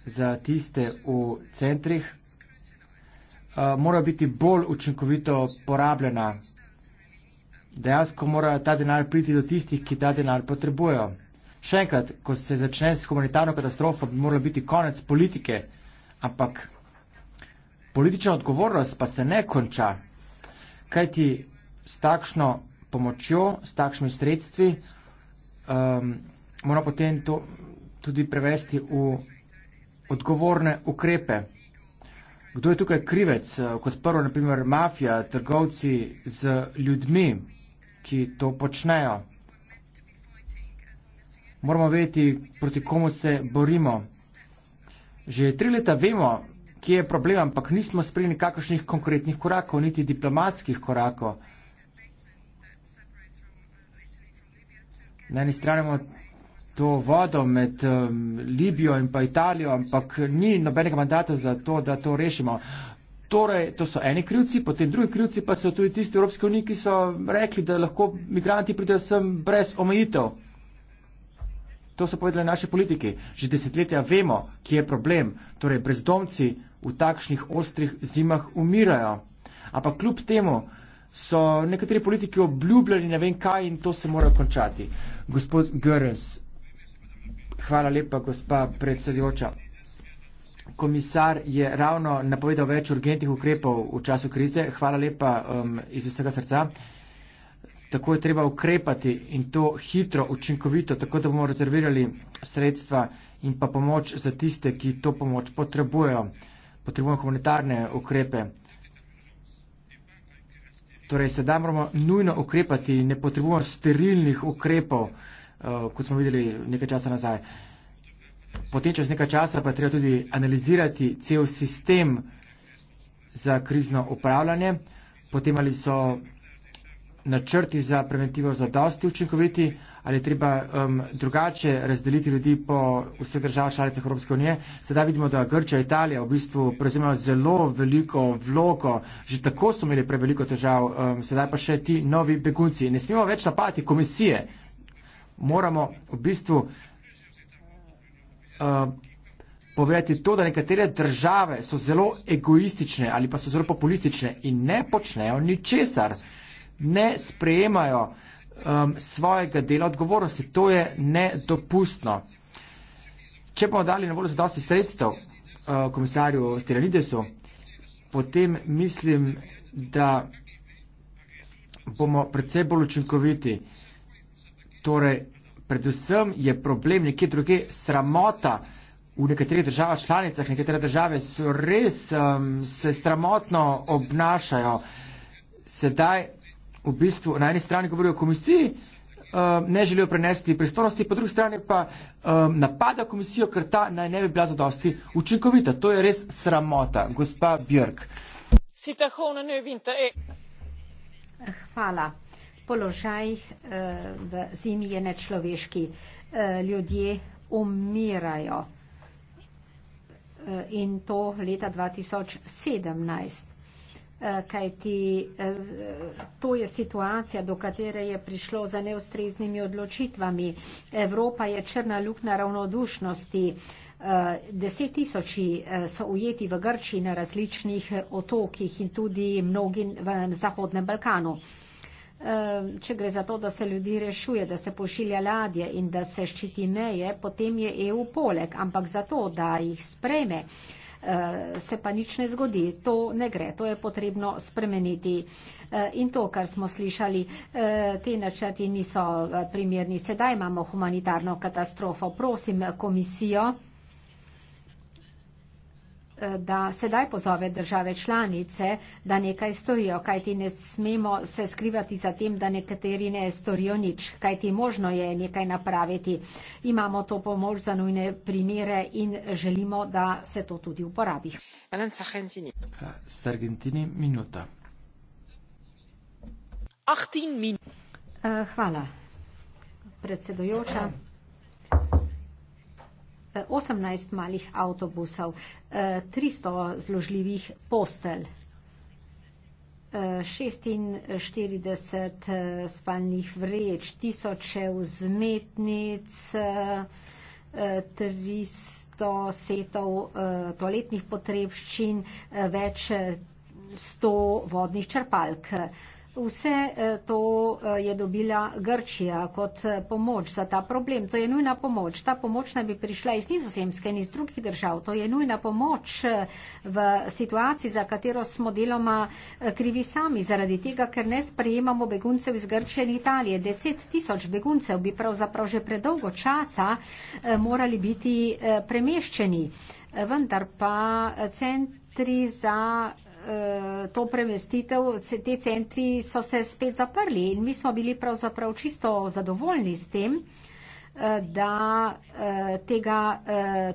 za tiste v centrih, mora biti bolj učinkovito porabljena. Dejansko mora ta denar priti do tistih, ki ta denar potrebujejo. Še enkrat, ko se začne s humanitarno katastrofo, bi moralo biti konec politike, ampak politična odgovornost pa se ne konča, kajti s takšno pomočjo, s takšnimi sredstvi um, mora potem to tudi prevesti v odgovorne ukrepe. Kdo je tukaj krivec? Kot prvo, naprimer, mafija, trgovci z ljudmi, ki to počnejo. Moramo vedeti, proti komu se borimo. Že tri leta vemo, kje je problem, ampak nismo sprejeli nikakršnih konkretnih korakov, niti diplomatskih korakov. Na eni strani imamo to vodo med um, Libijo in pa Italijo, ampak ni nobenega mandata za to, da to rešimo. Torej, to so eni krivci, potem drugi krivci pa so tudi tisti Evropske unije, ki so rekli, da lahko migranti pridejo sem brez omejitev. To so povedali naši politiki. Že desetletja vemo, kje je problem. Torej, brezdomci v takšnih ostrih zimah umirajo. Ampak kljub temu so nekateri politiki obljubljali ne vem kaj in to se mora končati. Gospod Görens, Hvala lepa, gospa predsedujoča. Komisar je ravno napovedal več urgentnih ukrepov v času krize. Hvala lepa um, iz vsega srca. Tako je treba ukrepati in to hitro, učinkovito, tako da bomo rezervirali sredstva in pa pomoč za tiste, ki to pomoč potrebujejo. Potrebujemo humanitarne ukrepe. Torej, sedaj moramo nujno ukrepati, ne potrebujemo sterilnih ukrepov. Eh, kot smo videli nekaj časa nazaj. Potem, čez nekaj časa, pa je treba tudi analizirati cel sistem za krizno upravljanje, potem ali so načrti za preventivo zadosti učinkoviti, ali je treba um, drugače razdeliti ljudi po vseh državah članic Evropske unije. Sedaj vidimo, da Grčija, Italija v bistvu prevzemajo zelo veliko vlogo, že tako so imeli preveliko težav, um, sedaj pa še ti novi begunci. Ne smemo več napati komisije, moramo v bistvu uh, povedati to, da nekatere države so zelo egoistične ali pa so zelo populistične in ne počnejo ničesar, ne sprejemajo um, svojega dela odgovornosti. To je nedopustno. Če bomo dali na voljo za dosti sredstev uh, komisarju Steralidesu, potem mislim, da bomo predvsej bolj učinkoviti. Torej, predvsem je problem nekje druge sramota. V nekaterih državah članicah, nekatere države so res um, se sramotno obnašajo. Sedaj v bistvu na eni strani govorijo o komisiji, um, ne želijo prenesti pristojnosti, po drugi strani pa um, napada komisijo, ker ta naj ne bi bila zadosti učinkovita. To je res sramota, gospa Björk. Hvala položajih eh, v zimi je nečloveški. Eh, ljudje umirajo. Eh, in to leta 2017. Kaj ti, to je situacija, do katere je prišlo za neustreznimi odločitvami. Evropa je črna luknja ravnodušnosti. Deset tisoči so ujeti v Grčiji na različnih otokih in tudi mnogi v Zahodnem Balkanu če gre za to, da se ljudi rešuje, da se pošilja ladje in da se ščiti meje, potem je EU poleg, ampak za to, da jih spreme, eh, se pa nič ne zgodi. To ne gre, to je potrebno spremeniti. Eh, in to, kar smo slišali, eh, te načrti niso primerni. Sedaj imamo humanitarno katastrofo. Prosim komisijo da sedaj pozove države članice, da nekaj storijo, kajti ne smemo se skrivati za tem, da nekateri ne storijo nič, kajti možno je nekaj napraviti. Imamo to pomoč za nujne primere in želimo, da se to tudi uporabi. Hvala, eh, predsedojoča. 18 malih avtobusov, 300 eh, zložljivih postelj, 46 eh, eh, spalnih vreč, tisoče vzmetnic, 300 setov toaletnih potrebščin, več 100 vodnih črpalk. Vse eh, to eh, je dobila Grčija kot eh, pomoč za ta problem. To je nujna pomoč. Ta pomoč naj bi prišla iz nizozemske in iz drugih držav. To je nujna pomoč v situaciji, za katero smo deloma krivi sami, zaradi tega, ker ne sprejemamo beguncev iz Grčije in Italije. Deset tisoč beguncev bi pravzaprav že predolgo časa morali biti premeščeni. Vendar pa centri za Eh, to premestitev, te centri so se spet zaprli in mi smo bili pravzaprav čisto zadovoljni s tem, eh, da eh, tega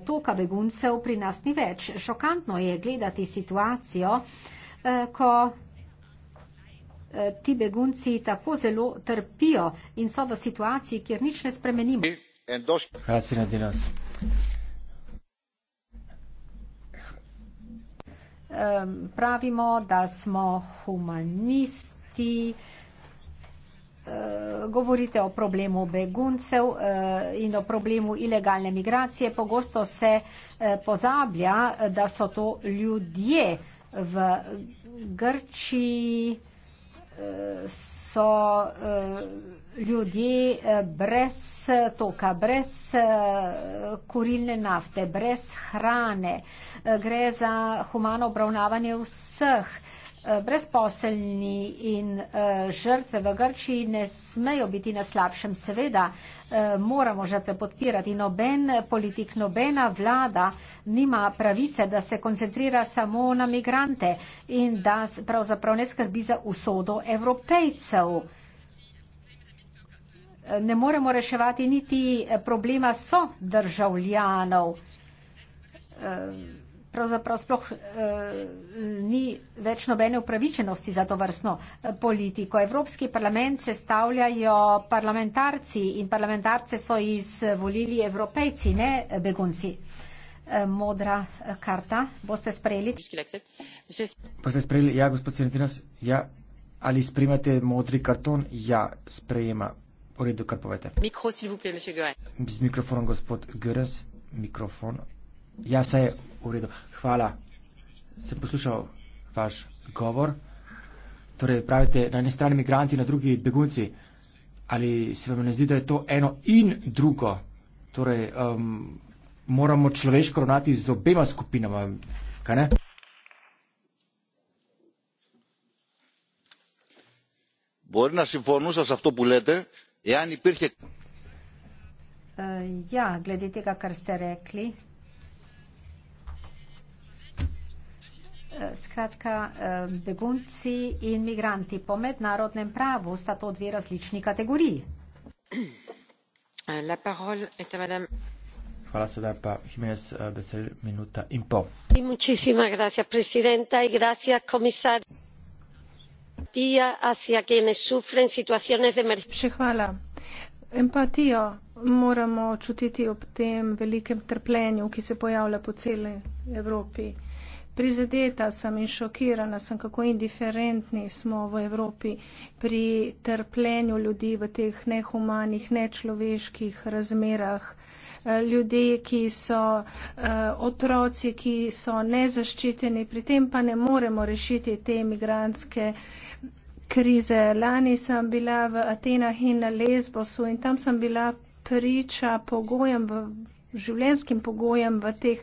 toka beguncev pri nas ni več. Šokantno je gledati situacijo, ko ti begunci tako zelo trpijo in so v situaciji, kjer nič ne spremenimo. Hvala, Sina Dinos. pravimo, da smo humanisti. Govorite o problemu beguncev in o problemu ilegalne migracije. Pogosto se pozablja, da so to ljudje v Grčiji so eh, ljudje eh, brez toka, brez eh, kurilne nafte, brez hrane. Gre za humano obravnavanje vseh. Eh, brezposelni in eh, žrtve v Grčiji ne smejo biti na slabšem. Seveda eh, moramo žrtve podpirati. Noben politik, nobena vlada nima pravice, da se koncentrira samo na migrante in da pravzaprav ne skrbi za usodo evropejcev. Ne moremo reševati niti problema so državljanov pravzaprav sploh eh, ni več nobene upravičenosti za to vrstno eh, politiko. Evropski parlament se stavljajo parlamentarci in parlamentarce so izvolili evropejci, ne eh, begunci. Eh, modra karta, boste sprejeli? Boste sprejeli, ja, gospod Senetinas, ja. Ali sprejmete modri karton? Ja, sprejema. V redu, kar povete. Mikro, s mikrofonom, gospod Görens. Mikrofon. Ja, vse je v redu. Hvala. Sem poslušal vaš govor. Torej, pravite, na eni strani migranti, na drugi begunci. Ali se vam ne zdi, da je to eno in drugo? Torej, um, moramo človeško ravnati z obema skupinama, kaj ne? Borina, simfonusa za to bulete, Jani Pirhek. Uh, ja, glede tega, kar ste rekli, skratka, begunci in migranti po mednarodnem pravu sta to dve različni kategoriji. La parole est à madame. Hvala se da pa imes eh, besed minuta in pol. Muchísima gracias, presidenta, y gracias, comisar. Empatija hacia quienes sufren situaciones de emergencia. Še hvala. Empatijo moramo čutiti ob tem velikem trpljenju, ki se pojavlja po celi Evropi. Prizadeta sem in šokirana sem, kako indiferentni smo v Evropi pri trpljenju ljudi v teh nehumanih, nečloveških razmerah. Ljudje, ki so eh, otroci, ki so nezaščiteni, pri tem pa ne moremo rešiti te imigranske krize. Lani sem bila v Atenah in na Lesbosu in tam sem bila priča pogojem v življenskim pogojem v teh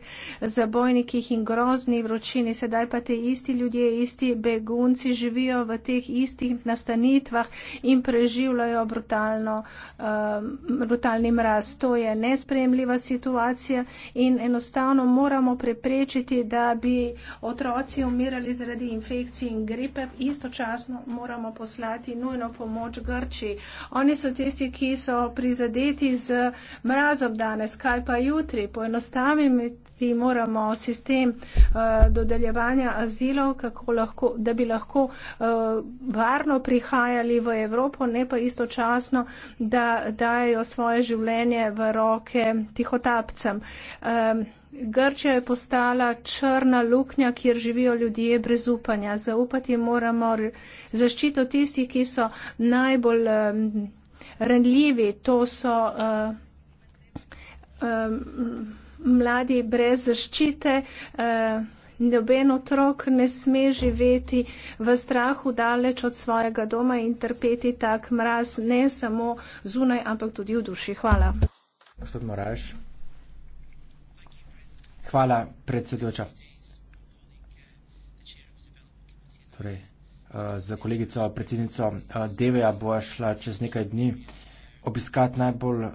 zabojnikih in grozni vročini. Sedaj pa te isti ljudje, isti begunci živijo v teh istih nastanitvah in preživljajo brutalno, um, brutalni mraz. To je nespremljiva situacija in enostavno moramo preprečiti, da bi otroci umirali zaradi infekcij in gripe. Istočasno moramo poslati nujno pomoč Grči. Oni so tisti, ki so prizadeti z mrazom danes. Kaj pa jutri. Poenostaviti moramo sistem uh, dodeljevanja azilov, lahko, da bi lahko uh, varno prihajali v Evropo, ne pa istočasno, da dajo svoje življenje v roke tihotapcem. Um, Grčija je postala črna luknja, kjer živijo ljudje brez upanja. Zaupati moramo zaščito tistih, ki so najbolj um, ehm, renljivi. To so. Uh, mladi brez zaščite, noben otrok ne sme živeti v strahu daleč od svojega doma in trpeti tak mraz, ne samo zunaj, ampak tudi v duši. Hvala. Gospod Moraš. Hvala, predsedujoča. Torej, eh, z kolegico predsednico, eh, Deveja bova šla čez nekaj dni obiskat najbolj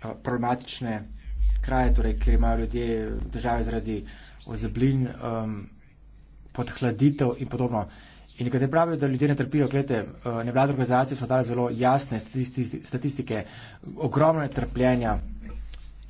problematične kraje, torej, kjer imajo ljudje težave zaradi ozeblin, um, podhladitev in podobno. In nekateri pravijo, da ljudje ne trpijo. Glede, uh, nevladne organizacije so dale zelo jasne statistike, ogromne trpljenja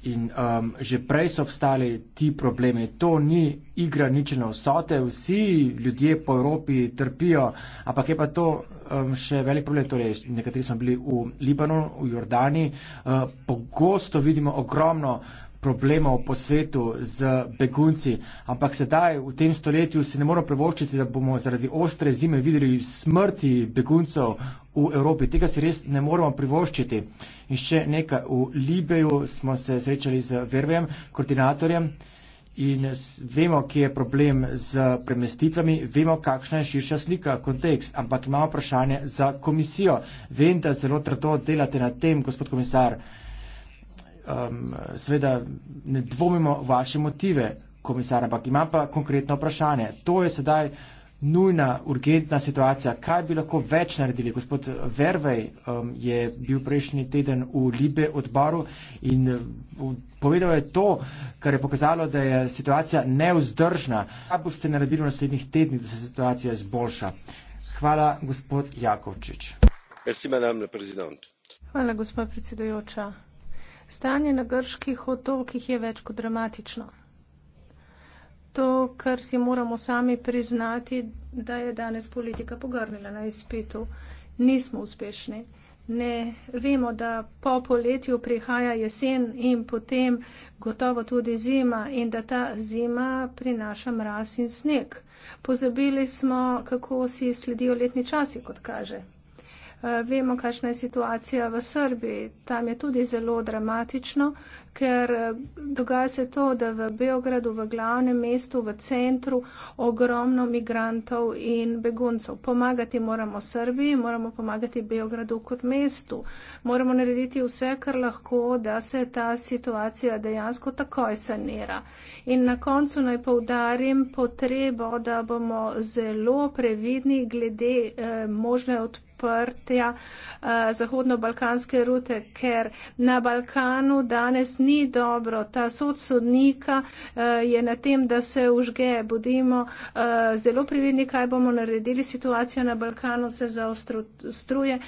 In um, že prej so obstali ti problemi. To ni igra ničene vsote, vsi ljudje po Evropi trpijo, ampak je pa to um, še velik problem. Torej, nekateri smo bili v Libanonu, v Jordani, uh, pogosto vidimo ogromno uh, problemov po svetu z begunci, ampak sedaj v tem stoletju si ne moramo prevočiti, da bomo zaradi ostre zime videli smrti beguncev v Evropi. Tega si res ne moramo privoščiti. In še nekaj, v Libeju smo se srečali z Vervem, koordinatorjem in vemo, kje je problem z premestitvami, vemo, kakšna je širša slika, kontekst, ampak imamo vprašanje za komisijo. Vem, da zelo trdo delate na tem, gospod komisar um, seveda ne dvomimo vaše motive, komisar, ampak imam pa konkretno vprašanje. To je sedaj nujna, urgentna situacija. Kaj bi lahko več naredili? Gospod Vervej um, je bil prejšnji teden v Libe odboru in povedal je to, kar je pokazalo, da je situacija neuzdržna. Kaj boste naredili v naslednjih tednih, da se situacija zboljša? Hvala, gospod Jakovčič. Hvala, gospod predsedujoča. Stanje na grških otokih je več kot dramatično. To, kar si moramo sami priznati, da je danes politika pogrnila na izpitu. Nismo uspešni. Ne vemo, da po poletju prihaja jesen in potem gotovo tudi zima in da ta zima prinaša mraz in sneg. Pozabili smo, kako si sledijo letni časi, kot kaže. Eh, vemo, kakšna je situacija v Srbiji. Tam je tudi zelo dramatično, ker eh, dogaja se to, da v Beogradu, v glavnem mestu, v centru ogromno migrantov in beguncev. Pomagati moramo Srbiji, moramo pomagati Beogradu kot mestu. Moramo narediti vse, kar lahko, da se ta situacija dejansko takoj sanira. In na koncu naj povdarim potrebo, da bomo zelo previdni glede eh, možne odpornosti odprtja eh, zahodno-balkanske rute, ker na Balkanu danes ni dobro. Ta sod sodnika eh, je na tem, da se užge. Budimo eh, zelo prividni, kaj bomo naredili. Situacija na Balkanu se zaostruje.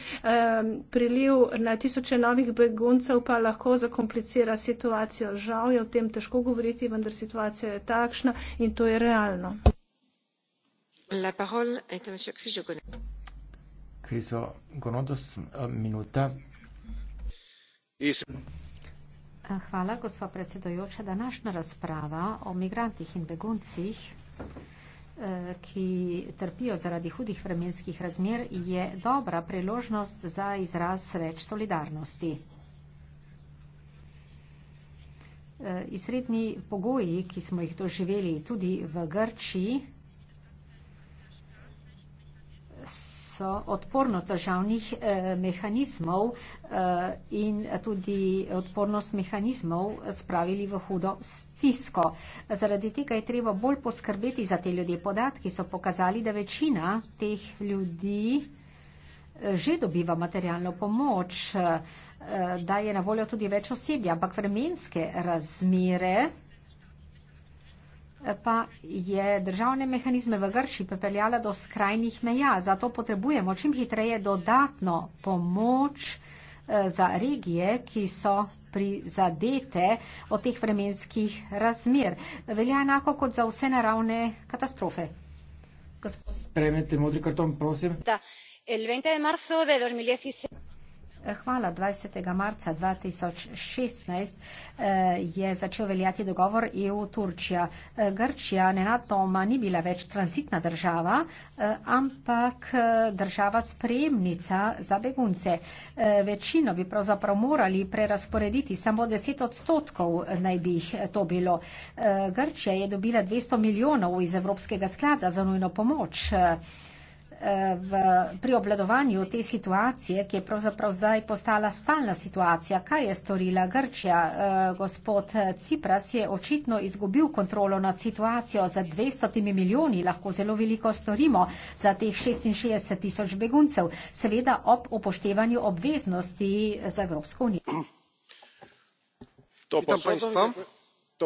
Priliv na tisoče novih beguncev pa lahko zakomplicira situacijo. Žal je o tem težko govoriti, vendar situacija je takšna in to je realno. La parole est à M. Krijogonet. Criso Gonodos, eh, minuta. Is eh, Hvala, gospod predsedojoča. Današnja razprava o migrantih in beguncih, eh, ki trpijo zaradi hudih vremenskih razmer, je dobra priložnost za izraz več solidarnosti. Izredni pogoji, ki smo jih doživeli tudi v Grčiji, so odpornost državnih eh, mehanizmov eh, in tudi odpornost mehanizmov spravili v hudo stisko. Zaradi tega je treba bolj poskrbeti za te ljudje. Podatki so pokazali, da večina teh ljudi eh, že dobiva materialno pomoč, da je na voljo tudi več osebja, ampak vremenske razmere pa je državne mehanizme v Grči pripeljala do skrajnih meja. Zato potrebujemo čim hitreje dodatno pomoč eh, za regije, ki so prizadete od teh vremenskih razmer. Velja enako kot za vse naravne katastrofe. Gospod... Spremete modri karton, prosim. Da. El 20 de marzo de 2016. Hvala. 20. marca 2016 eh, je začel veljati dogovor EU-Turčija. Eh, Grčija nenatoma ni bila več transitna država, eh, ampak država sprejemnica za begunce. Večino bi pravzaprav morali prerasporediti, samo 10 odstotkov naj bi jih to bilo. Grčija je dobila 200 milijonov iz Evropskega sklada za nujno pomoč v, pri obvladovanju te situacije, ki je pravzaprav zdaj postala stalna situacija, kaj je storila Grčija? E, gospod Cipras je očitno izgubil kontrolo nad situacijo za 200 milijoni, lahko zelo veliko storimo za teh 66 tisoč beguncev, seveda ob upoštevanju obveznosti za Evropsko unijo. To posodanje,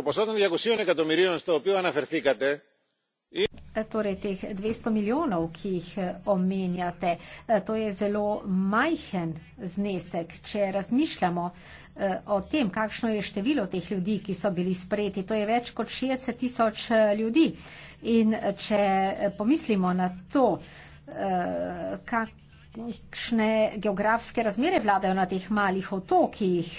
posodanje agosivnega domirivanja, ki no ga opet nafercikate, E, torej, teh 200 milijonov, ki jih e, omenjate, e, to je zelo majhen znesek, če razmišljamo o tem, kakšno je število teh ljudi, ki so bili sprejeti. To je več kot 60 tisoč ljudi. In če pomislimo na to, kakšne geografske razmere vladajo na teh malih otokih,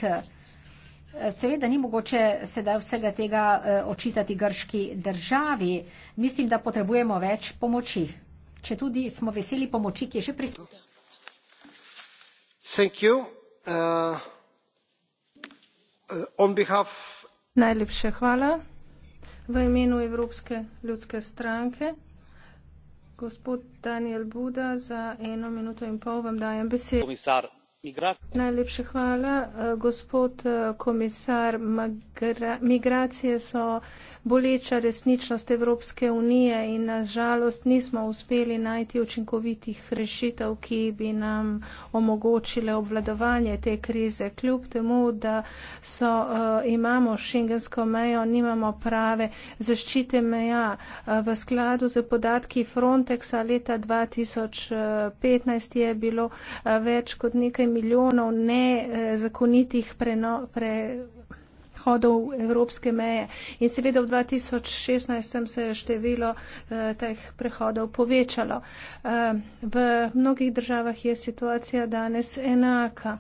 Seveda ni mogoče sedaj vsega tega eh, očitati grški državi. Mislim, da potrebujemo več pomoči. Če tudi smo veseli pomoči, ki je že prisotna. Uh, uh Najlepše hvala. V imenu Evropske ljudske stranke. Gospod Daniel Buda, za eno minuto in pol vam dajem besedo. Komisar, Najlepša hvala. Eh, gospod eh, komisar, migracije so boleča resničnost Evropske unije in na žalost nismo uspeli najti učinkovitih rešitev, ki bi nam omogočile obvladovanje te krize. Kljub temu, da so, uh, imamo šengensko mejo, nimamo prave zaščite meja. Uh, v skladu z podatki Frontexa leta 2015 je bilo uh, več kot nekaj milijonov nezakonitih uh, prenosov. Pre, prehodov evropske meje. In seveda v 2016 se je število eh, teh prehodov povečalo. Eh, v mnogih državah je situacija danes enaka.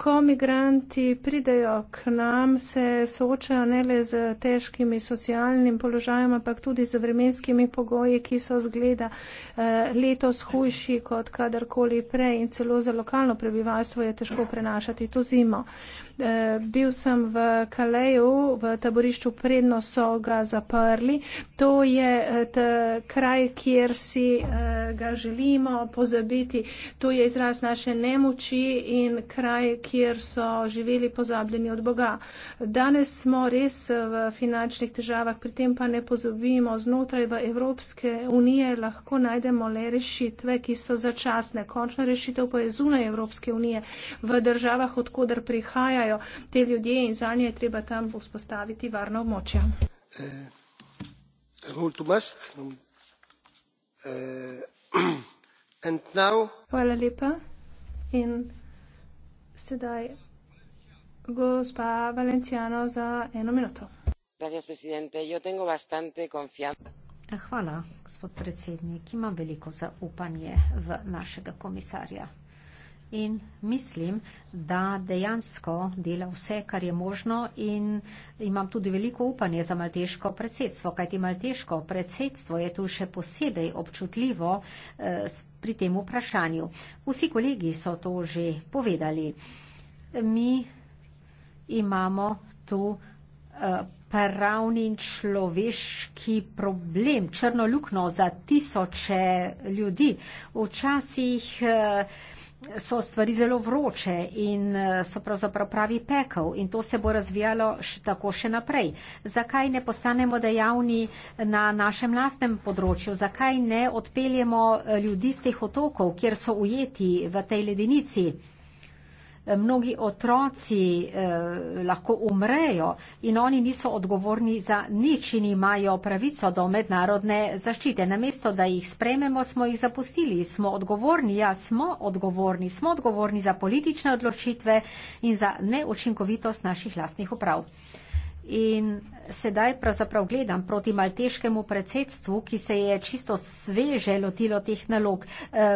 Ko migranti pridejo k nam, se soočajo ne le z težkimi socialnim položajem, ampak tudi z vremenskimi pogoji, ki so zgleda eh, letos hujši kot kadarkoli prej in celo za lokalno prebivalstvo je težko prenašati to zimo. Eh, Eh, bil sem v Kaleju, v taborišču, predno so ga zaprli. To je eh, ta kraj, kjer si eh, ga želimo pozabiti. To je izraz naše nemoči in kraj, kjer so živeli pozabljeni od Boga. Danes smo res v finančnih težavah, pri tem pa ne pozabimo. Znotraj v Evropske unije lahko najdemo le rešitve, ki so začasne. Končna rešitev pa je zunaj Evropske unije. V državah, odkudar prihajajo, prihajajo te ljudje in zanje je treba tam vzpostaviti varna območja. Eh, eh, eh, hvala lepa. In sedaj gospa Valenciano za eno minuto. Hvala, gospod predsednik. Imam veliko zaupanje v našega komisarja in mislim, da dejansko dela vse, kar je možno in imam tudi veliko upanje za malteško predsedstvo, kajti malteško predsedstvo je tu še posebej občutljivo eh, pri tem vprašanju. Vsi kolegi so to že povedali. Mi imamo tu eh, pravni in človeški problem, črno lukno za tisoče ljudi. Včasih eh, so stvari zelo vroče in eh, so pravzaprav pravi pekel in to se bo razvijalo še tako še naprej. Zakaj ne postanemo dejavni na našem lastnem področju? Zakaj ne odpeljemo eh, ljudi z teh otokov, kjer so ujeti v tej ledenici? mnogi otroci eh, lahko umrejo in oni niso odgovorni za nič in imajo pravico do mednarodne zaščite. Namesto, da jih sprememo, smo jih zapustili. Smo odgovorni, ja, smo odgovorni. Smo odgovorni za politične odločitve in za neučinkovitost naših lastnih uprav in sedaj pravzaprav gledam proti malteškemu predsedstvu, ki se je čisto sveže lotilo teh nalog. E,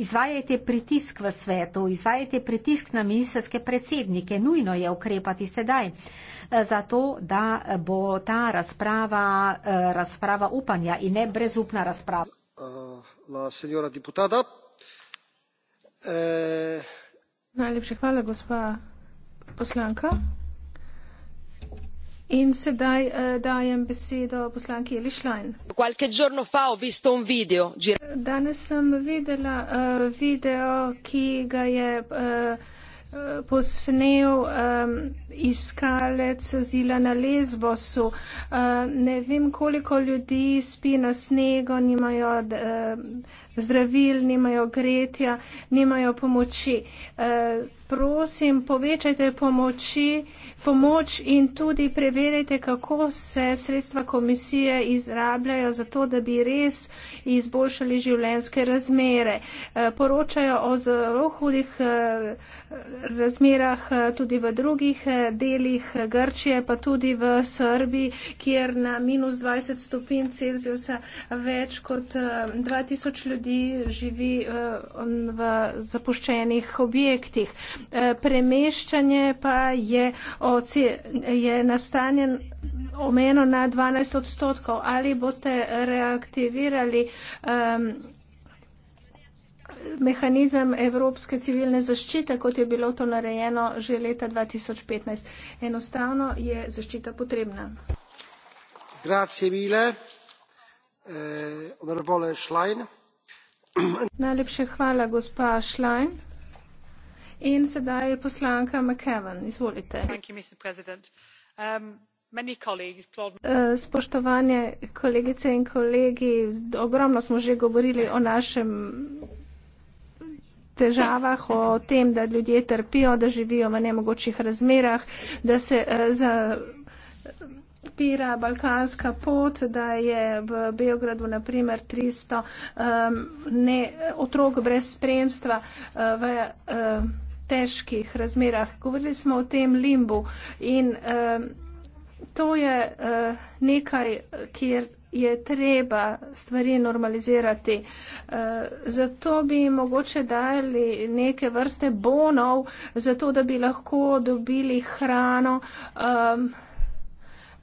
izvajajte pritisk v svetu, izvajajte pritisk na ministerske predsednike, nujno je ukrepati sedaj, e, zato da bo ta razprava, e, razprava upanja in ne brezupna razprava. Eh, eh, Najlepša hvala, gospa poslanka. In sedaj uh, dajem besedo poslanki Eli Schlein. Fa video, gir- Danes sem videla uh, video, ki ga je uh, posnel um, iskalec zila na Lesbosu. Uh, ne vem, koliko ljudi spi na snegu, nimajo uh, zdravil, nimajo gretja, nimajo pomoči. Uh, prosim, povečajte pomoči. Uh, pomoč in tudi preverite, kako se sredstva komisije izrabljajo za to, da bi res izboljšali življenske razmere. Eh, poročajo o zelo hudih eh, razmerah eh, tudi v drugih eh, delih eh, Grčije, pa tudi v Srbiji, kjer na minus 20 stopinj Celzijusa več kot 2000 ljudi živi v zapuščenih objektih. Premeščanje pa je, je nastanjen omeno na 12 odstotkov. Ali boste reaktivirali um, mehanizem evropske civilne zaščite, kot je bilo to narejeno že leta 2015. Enostavno je zaščita potrebna. Grazie mille. Eh, onorevole Schlein. Najlepše hvala, gospa Schlein. In sedaj je poslanka McKevan. Izvolite. Um, eh, spoštovane kolegice in kolegi, ogromno smo že govorili o našem težavah, o tem, da ljudje trpijo, da živijo v nemogočih razmerah, da se eh, za pira balkanska pot, da je v Beogradu naprimer 300 um, ehm, ne, otrok brez spremstva uh, v uh, težkih razmerah. Govorili smo o tem limbu in um, to je uh, nekaj, kjer je treba stvari normalizirati. Eh, zato bi mogoče dali neke vrste bonov, zato da bi lahko dobili hrano um,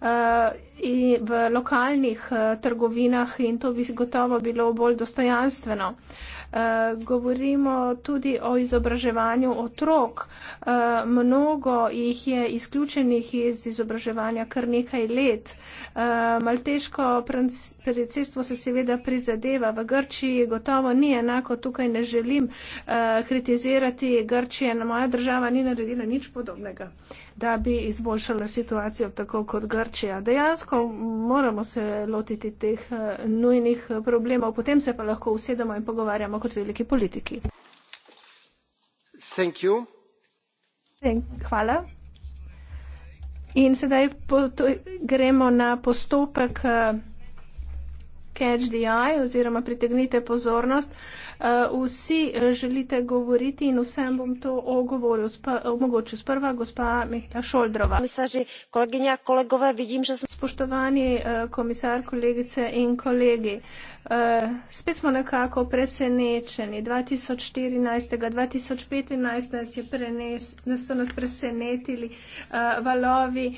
uh, v lokalnih uh, trgovinah in to bi gotovo bilo bolj dostojanstveno. Uh, Eh, govorimo tudi o izobraževanju otrok. Eh, mnogo jih je izključenih iz izobraževanja kar nekaj let. Eh, malteško predsedstvo se seveda prizadeva. V Grčiji gotovo ni enako. Tukaj ne želim kritizirati Grčije. Moja država ni naredila nič podobnega da bi izboljšala situacijo tako kot Grčija. Dejansko moramo se lotiti teh eh, nujnih eh, problemov, potem se pa lahko usedemo in pogovarjamo kot veliki politiki. Thank you. Hvala. In sedaj gremo na postopek. Eh, catch the eye oziroma pritegnite pozornost. Eh, vsi eh, želite govoriti in vsem bom to ogovoril, eh, omogočil. Sprva gospa Mihla Šoldrova. Spoštovani komisar, kolegice in kolegi. Uh, spet smo nekako presenečeni. 2014-2015 je prenes, so nas presenetili uh, valovi uh,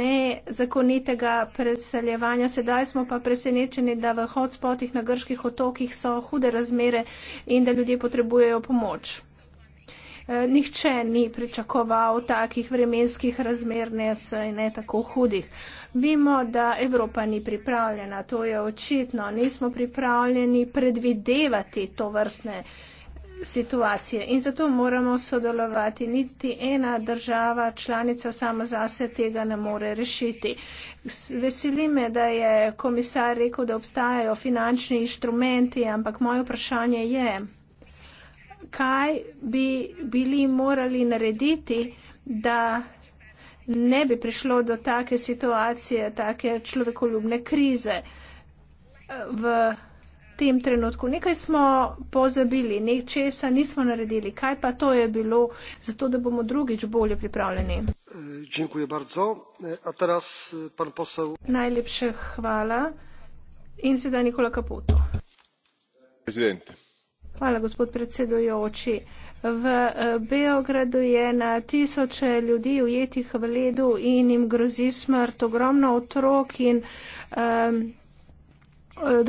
nezakonitega predseljevanja. Sedaj smo pa presenečeni, da v hotspotih na grških otokih so hude razmere in da ljudje potrebujejo pomoč. Eh, nihče ni pričakoval takih vremenskih razmer, ne, ne tako hudih. Vemo, da Evropa ni pripravljena, to je očitno. Nismo pripravljeni predvidevati to vrstne situacije in zato moramo sodelovati. Niti ena država članica sama zase tega ne more rešiti. Veseli me, da je komisar rekel, da obstajajo finančni inštrumenti, ampak moje vprašanje je, kaj bi bili morali narediti, da ne bi prišlo do take situacije, take človekoljubne krize v tem trenutku. Nekaj smo pozabili, nečesa nismo naredili. Kaj pa to je bilo, zato da bomo drugič bolje pripravljeni? Najlepša hvala. In sedaj Nikola Caputo. Hvala, gospod predsedujoči. V eh, Beogradu je na tisoče ljudi ujetih v ledu in jim grozi smrt. Ogromno otrok in um,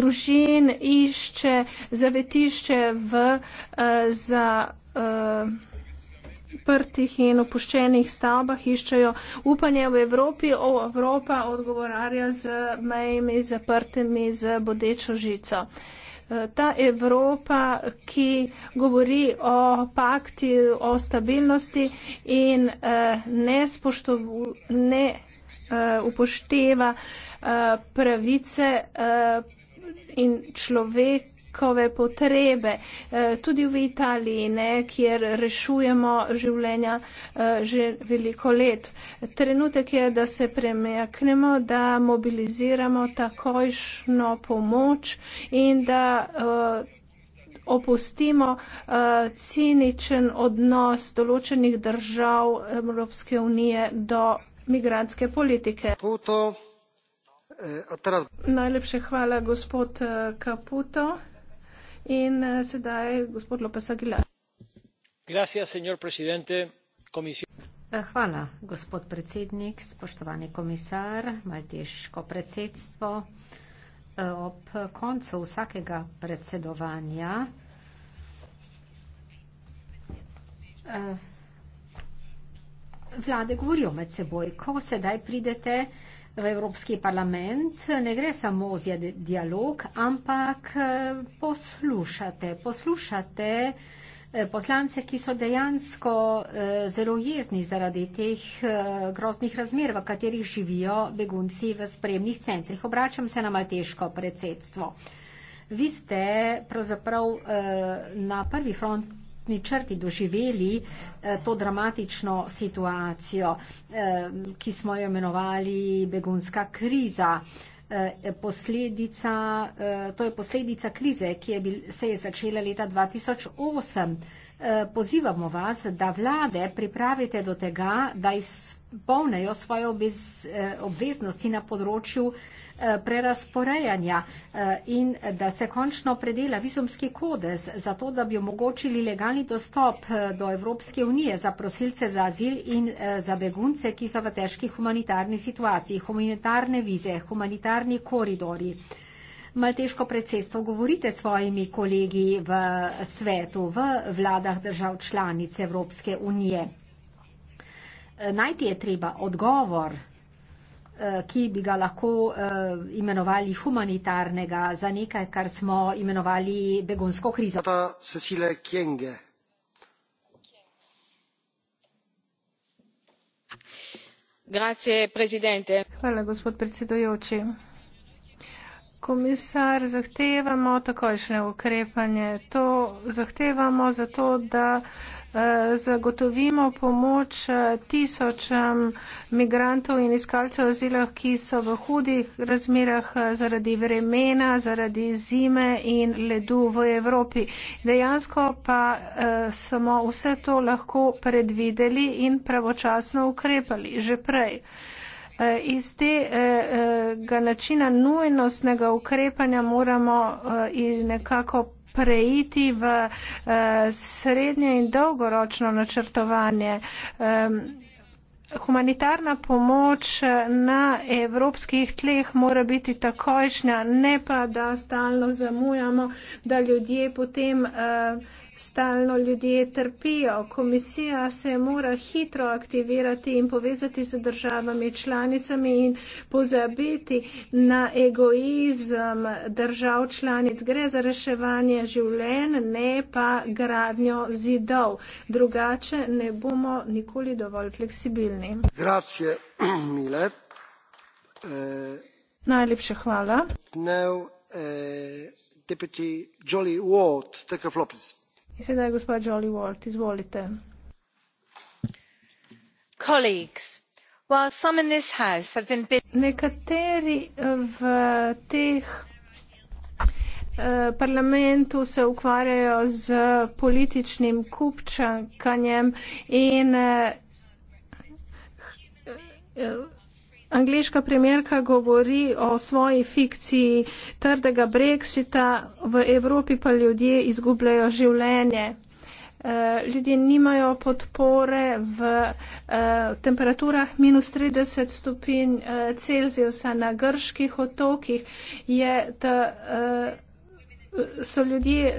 družin išče zavetišče v uh, za. Uh, prtih in opuščenih stavbah iščejo upanje v Evropi, o Evropa odgovarja z mejami zaprtimi z bodečo žico. Uh, ta Evropa, ki govori o pakti, o stabilnosti in eh, ne, spoštovu, ne eh, upošteva eh, pravice in človek človekove potrebe, eh, tudi v Italiji, ne, kjer rešujemo življenja eh, že veliko let. Trenutek je, da se premaknemo, da mobiliziramo takojšno pomoč in da eh, opustimo uh, ciničen odnos določenih držav Evropske unije do migranske politike. Puto, eh, teraz... Najlepše hvala, gospod Kaputo. Eh, Eh, señor presidente eh, hvala gospod predsednik spoštovani komisar malteško predsedstvo eh, ob koncu vsakega predsedovanja vlade govorijo med seboj ko sedaj pridete v Evropski parlament ne gre samo za dialog, ampak eh, poslušate, poslušate eh, poslance, ki so dejansko eh, zelo jezni zaradi teh groznih razmer, v katerih živijo begunci v spremnih centrih. Obračam se na malteško predsedstvo. Vi ste pravzaprav na prvi front začetni črti doživeli eh, to dramatično situacijo, eh, ki smo jo imenovali begunska kriza. Eh, posledica, to je posledica krize, ki je bil, se je začela leta 2008. Pozivamo vas, da vlade pripravite do tega, da izpolnejo svoje obveznosti na področju Eh, prerasporejanja eh, in da se končno predela vizumski kodes za to, da bi omogočili legalni dostop eh, do Evropske unije za prosilce za azil in za begunce, ki so v težki humanitarni situaciji. Humanitarne vize, humanitarni koridori. Malteško predsedstvo, govorite s svojimi kolegi v svetu, v vladah držav članic Evropske unije. Najti je treba odgovor Eh, ki bi ga lahko eh, imenovali humanitarnega za nekaj, kar smo imenovali begonsko krizo. Hvala, gospod predsedujoči. Komisar, zahtevamo takojšnje ukrepanje. To zahtevamo zato, da zagotovimo pomoč eh, tisočam migrantov in iskalcev azila, ki so v hudih razmerah eh, zaradi vremena, zaradi zime in ledu v Evropi. Dejansko pa eh, smo vse to lahko predvideli in pravočasno ukrepali že prej. Iz tega načina nujnostnega ukrepanja moramo nekako preiti v eh, srednje in dolgoročno načrtovanje. Humanitarna pomoč eh, na evropskih tleh mora biti takojšnja, ne pa da stalno zamujamo, da ljudje potem uh, Stalno ljudje trpijo. Komisija se mora hitro aktivirati in povezati z državami članicami in pozabiti na egoizem držav članic. Gre za reševanje življenj, ne pa gradnjo zidov. Drugače ne bomo nikoli dovolj fleksibilni. Grazie, mile. E... Eh, Najlepša hvala. Now, e... Deputy Jolly Ward, Decker Floppis. Besedo je gospa Jolly Ward, izvolite. Nekateri eh, v teh, eh, parlamentu se ukvarjajo s političnim kupčkanjem in, eh, Angliška premjerka govori o svoji fikciji trdega brexita, v Evropi pa ljudje izgubljajo življenje. Eh, ljudje nimajo podpore v eh, temperaturah minus 30 stopinj eh, Celzijusa na grških otokih, je, da so ljudje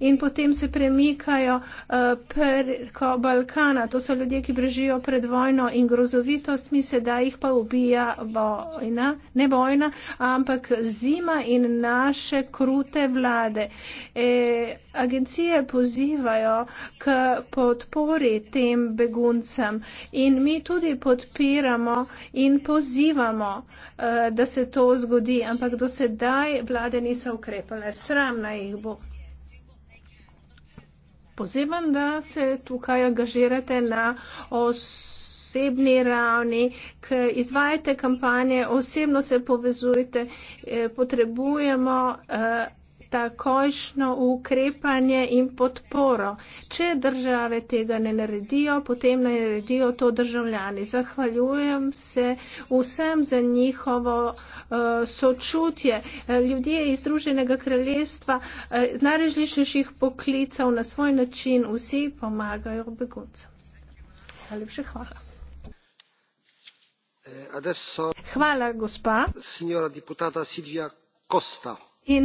in potem se premikajo eh, preko Balkana. To so ljudje, ki brežijo pred vojno in grozovitost, mi se da jih pa ubija vojna, ne vojna, ampak zima in naše krute vlade. E, agencije pozivajo k podpori tem beguncem in mi tudi podpiramo in pozivamo, eh, da se to zgodi, ampak do sedaj vlade niso ukrepale. Sram naj jih bo pozivam, da se tukaj angažirate na osebni ravni, izvajate kampanje, osebno se povezujte, eh, potrebujemo eh, takojšno ukrepanje in podporo. Če države tega ne naredijo, potem naj naredijo to državljani. Zahvaljujem se vsem za njihovo uh, sočutje. Ljudje iz Združenega kraljestva uh, eh, najrežlišnjih poklicev na svoj način vsi pomagajo beguncem. Najlepša hvala. Eh, adesso, hvala, gospa. Signora deputata Silvia Costa. E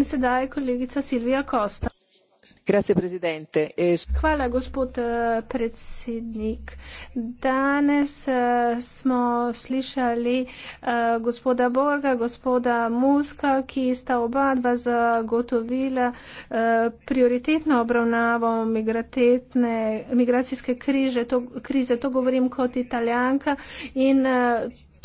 hvala gospod eh, predsednik danes eh, smo slišali eh, gospoda borga gospoda muska ki sta oba dva zagotovila prioritetno obravnavo migracijske križe, to, krize to govorim kot italijanka in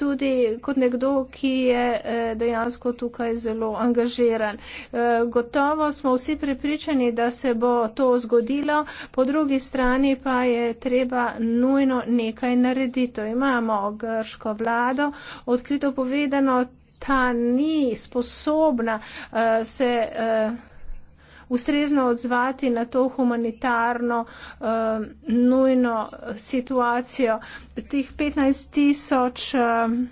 tudi kot nekdo, ki je eh, dejansko tukaj zelo angažiran. Eh, gotovo smo vsi pripričani, da se bo to zgodilo, po drugi strani pa je treba nujno nekaj narediti. Imamo grško vlado, odkrito povedano, ta ni sposobna eh, se ustrezno odzvati na to humanitarno uh, nujno situacijo. Tih 15 tisoč uh,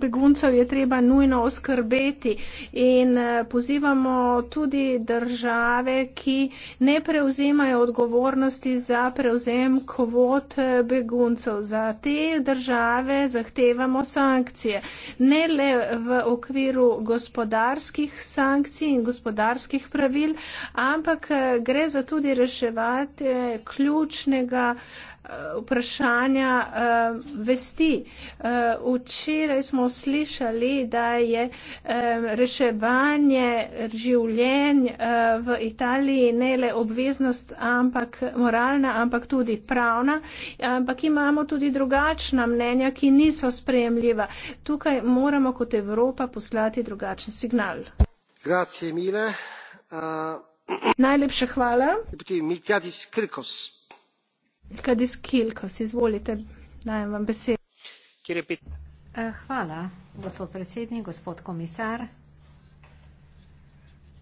beguncev je treba nujno oskrbeti in eh, pozivamo tudi države, ki ne prevzemajo odgovornosti za prevzem kvot eh, beguncev. Za te države zahtevamo sankcije, ne le v okviru gospodarskih sankcij in gospodarskih pravil, ampak eh, gre za tudi reševati ključnega vprašanja eh, vesti. Eh, včeraj smo slišali, da je eh, reševanje življenj v Italiji ne le obveznost, ampak moralna, ampak tudi pravna, ampak imamo tudi drugačna mnenja, ki niso sprejemljiva. Tukaj moramo kot Evropa poslati drugačen signal. Grazie, uh... Najlepša hvala. Deputi, Miltiadis Krikos. Eh, hvala, gospod predsednik, gospod komisar.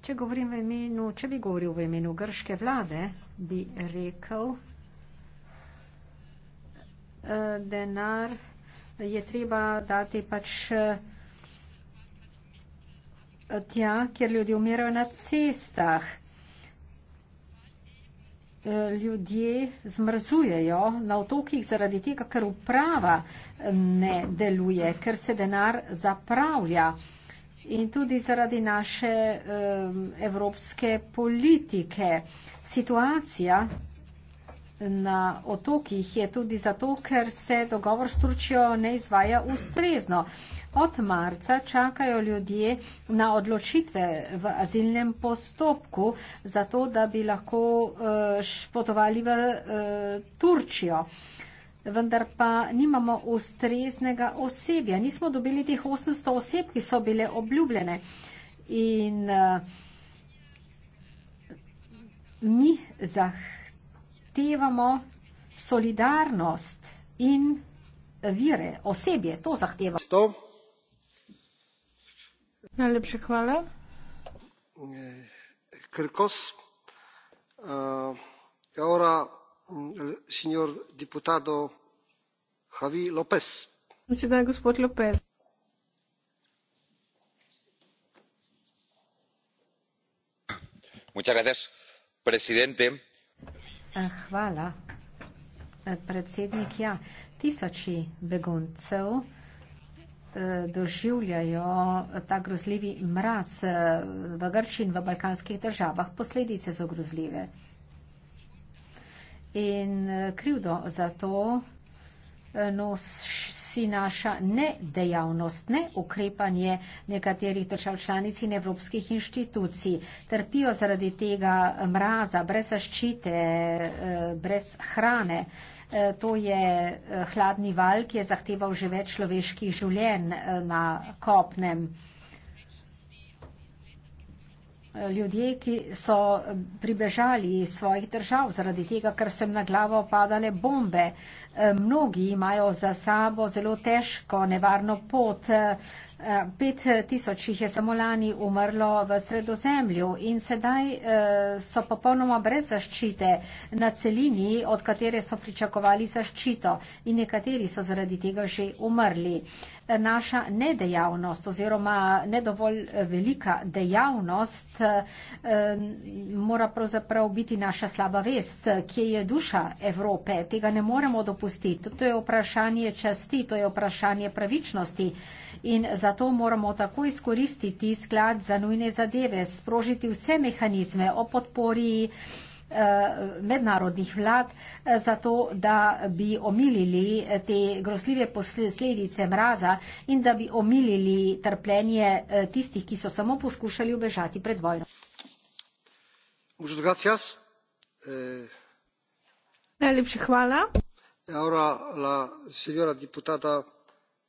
Če govorim v imenu, če bi govoril v imenu grške vlade, bi rekel, eh, denar je treba dati pač eh, tja, kjer ljudje umirajo na cestah ljudje zmrzujejo na otokih zaradi tega, ker uprava ne deluje, ker se denar zapravlja. In tudi zaradi naše evropske politike. Situacija na otokih je tudi zato, ker se dogovor s Turčijo ne izvaja ustrezno. Od marca čakajo ljudje na odločitve v azilnem postopku, zato da bi lahko eh, potovali v eh, Turčijo. Vendar pa nimamo ustreznega osebja. Nismo dobili teh 800 oseb, ki so bile obljubljene. In eh, mi zahtevamo solidarnost in vire, osebje, to zahtevamo najlepša hvala. Krkos, e eh, ora mm, signor diputado Javi Lopez. Sedaj gospod Lopez. Muchas gracias, presidente. Eh, hvala, eh, predsednik. Ja, tisoči beguncev Eh, doživljajo ta grozljivi mraz eh, v Grči in v balkanskih državah. Posledice so grozljive. In eh, krivdo za to nosi naša nedejavnost, ne ukrepanje nekaterih držav članic in evropskih inštitucij. Trpijo zaradi tega mraza, brez zaščite, brez hrane. Eh, to je eh, hladni val, ki je zahteval že več človeških življenj eh, na kopnem. Ljudje, ki so pribežali iz svojih držav zaradi tega, ker so jim na glavo padale bombe. Mnogi imajo za sabo zelo težko, nevarno pot. Pet tisoč jih je samo lani umrlo v sredozemlju in sedaj eh, so popolnoma brez zaščite na celini, od katere so pričakovali zaščito in nekateri so zaradi tega že umrli. Naša nedejavnost oziroma nedovolj eh, velika dejavnost eh, mora pravzaprav biti naša slaba vest, kje je duša Evrope. Tega ne moremo dopustiti. To je vprašanje časti, to je vprašanje pravičnosti in zato moramo tako izkoristiti sklad za nujne zadeve, sprožiti vse mehanizme o podpori eh, mednarodnih vlad, eh, zato da bi omilili eh, te grozljive posledice mraza in da bi omilili trpljenje tistih, ki so samo poskušali ubežati pred vojno. Najlepša hvala.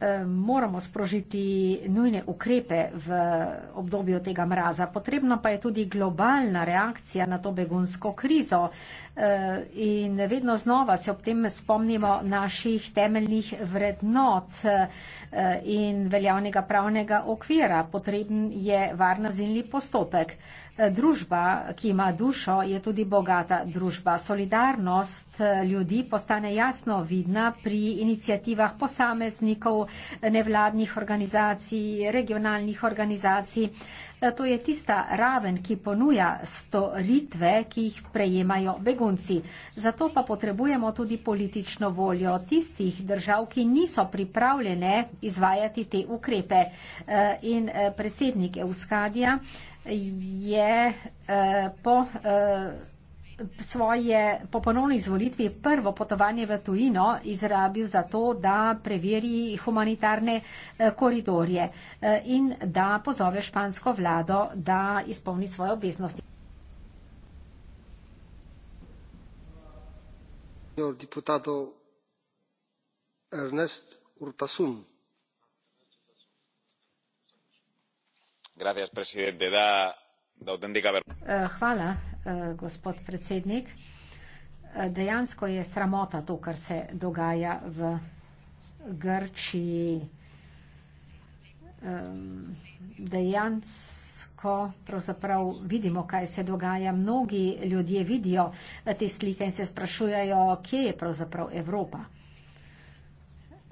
Eh, moramo sprožiti nujne ukrepe v obdobju tega mraza. Potrebna pa je tudi globalna reakcija na to begunsko krizo eh, in vedno znova se ob tem spomnimo naših temeljnih vrednot eh, in veljavnega pravnega okvira. Potreben je varno zimni postopek. Družba, ki ima dušo, je tudi bogata družba. Solidarnost eh, ljudi postane jasno vidna pri inicijativah posameznikov, nevladnih organizacij, regionalnih organizacij. Eh, to je tista raven, ki ponuja storitve, ki jih prejemajo begunci. Zato pa potrebujemo tudi politično voljo tistih držav, ki niso pripravljene izvajati te ukrepe. Eh, in predsednik Euskadija je eh, po eh, svoje po ponovni izvolitvi prvo potovanje v tujino izrabil za to, da preveri humanitarne eh, koridorje in da pozove špansko vlado, da izpolni svoje obveznosti. Gospod poslanec Ernest Urtasun. Eh, hvala, eh, gospod predsednik. Eh, dejansko je sramota to, kar se dogaja v Grčiji. Dejansko pravzaprav vidimo, kaj se dogaja. Mnogi ljudje vidijo te slike in se sprašujejo, kje je pravzaprav Evropa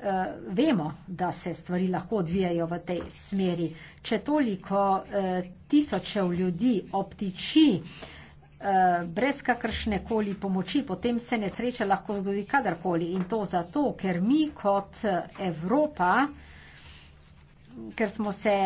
uh, vemo, da se stvari lahko odvijajo v tej smeri. Če toliko uh, tisočev ljudi obtiči uh, brez kakršne koli pomoči, potem se nesreča lahko zgodi kadarkoli. In to zato, ker mi kot Evropa, ker smo se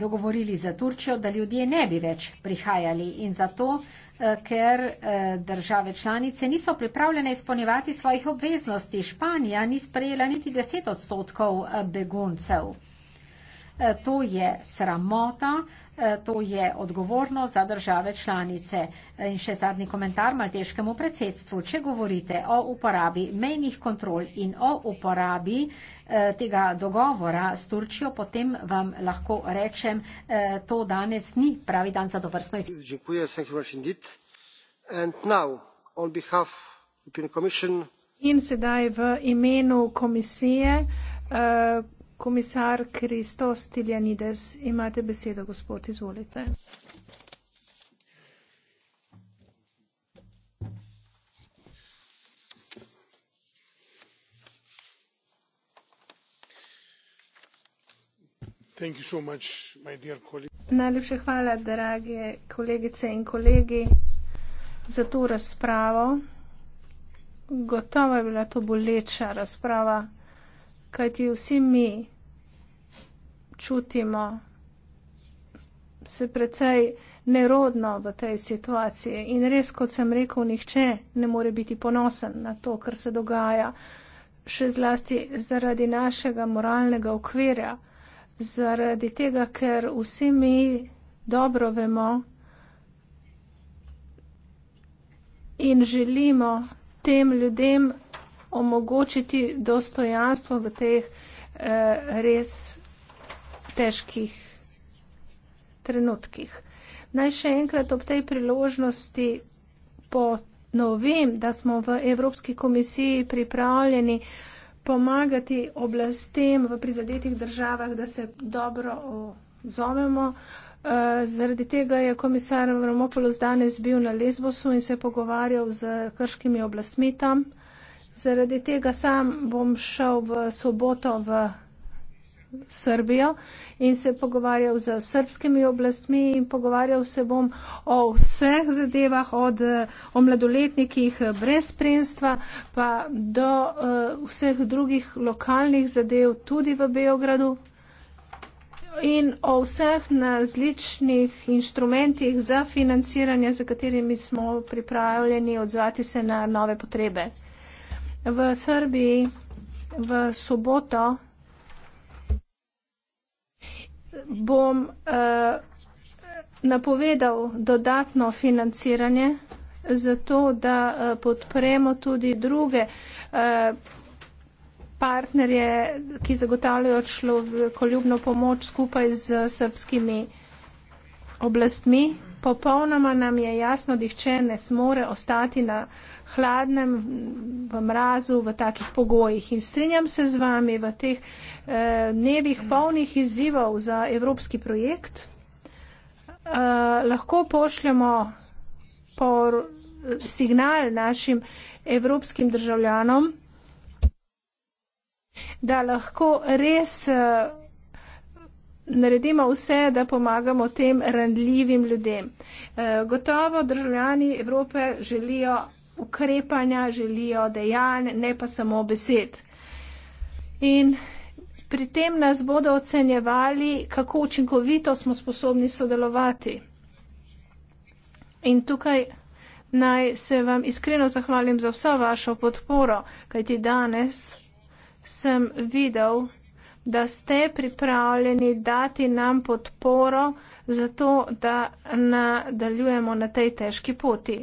dogovorili za Turčijo, da ljudje ne bi več prihajali. In zato uh, Eh, ker eh, države članice niso pripravljene izpolnjevati svojih obveznosti. Španija ni sprejela niti deset odstotkov eh, beguncev. Eh, to je sramota, eh, to je odgovorno za države članice. Eh, in še zadnji komentar malteškemu predsedstvu. Če govorite o uporabi mejnih kontrol in o uporabi tega dogovora s Turčijo, potem vam lahko rečem, to danes ni pravi dan za dovrstno izjavo. In sedaj v imenu komisije. Komisar Kristo Stiljanides, imate besedo, gospod, izvolite. Najlepša hvala, drage kolegice in kolegi, za to razpravo. Gotovo je bila to boleča razprava kajti vsi mi čutimo se precej nerodno v tej situaciji in res, kot sem rekel, nihče ne more biti ponosen na to, kar se dogaja, še zlasti zaradi našega moralnega okvirja, zaradi tega, ker vsi mi dobro vemo in želimo tem ljudem, omogočiti dostojanstvo v teh eh, res težkih trenutkih. Naj še enkrat ob tej priložnosti ponovim, da smo v Evropski komisiji pripravljeni pomagati oblastem v prizadetih državah, da se dobro ozovemo. Eh, zaradi tega je komisar Romopolos danes bil na Lesbosu in se pogovarjal z krškimi oblastmi tam. Zaradi tega sam bom šel v soboto v Srbijo in se pogovarjal z srbskimi oblastmi in pogovarjal se bom o vseh zadevah, od o mladoletnikih brez spremstva pa do uh, vseh drugih lokalnih zadev tudi v Beogradu in o vseh različnih inštrumentih za financiranje, za katerimi smo pripravljeni odzvati se na nove potrebe v Srbiji v soboto bom uh, napovedal dodatno financiranje za to, da uh, podpremo tudi druge uh, partnerje, ki zagotavljajo človekoljubno pomoč skupaj z srpskimi oblastmi. Popolnoma nam je jasno, da jih če ne smore ostati na uh, hladnem, v mrazu, v takih pogojih. In strinjam se z vami v teh eh, nevih polnih izzivov za evropski projekt. Eh, lahko pošljemo por, signal našim evropskim državljanom, da lahko res eh, naredimo vse, da pomagamo tem randljivim ljudem. Eh, gotovo državljani Evrope želijo ukrepanja, želijo dejanj, ne pa samo besed. In pri tem nas bodo ocenjevali, kako učinkovito smo sposobni sodelovati. In tukaj naj se vam iskreno zahvalim za vso vašo podporo, kajti danes sem videl, da ste pripravljeni dati nam podporo za to, da nadaljujemo na tej težki poti.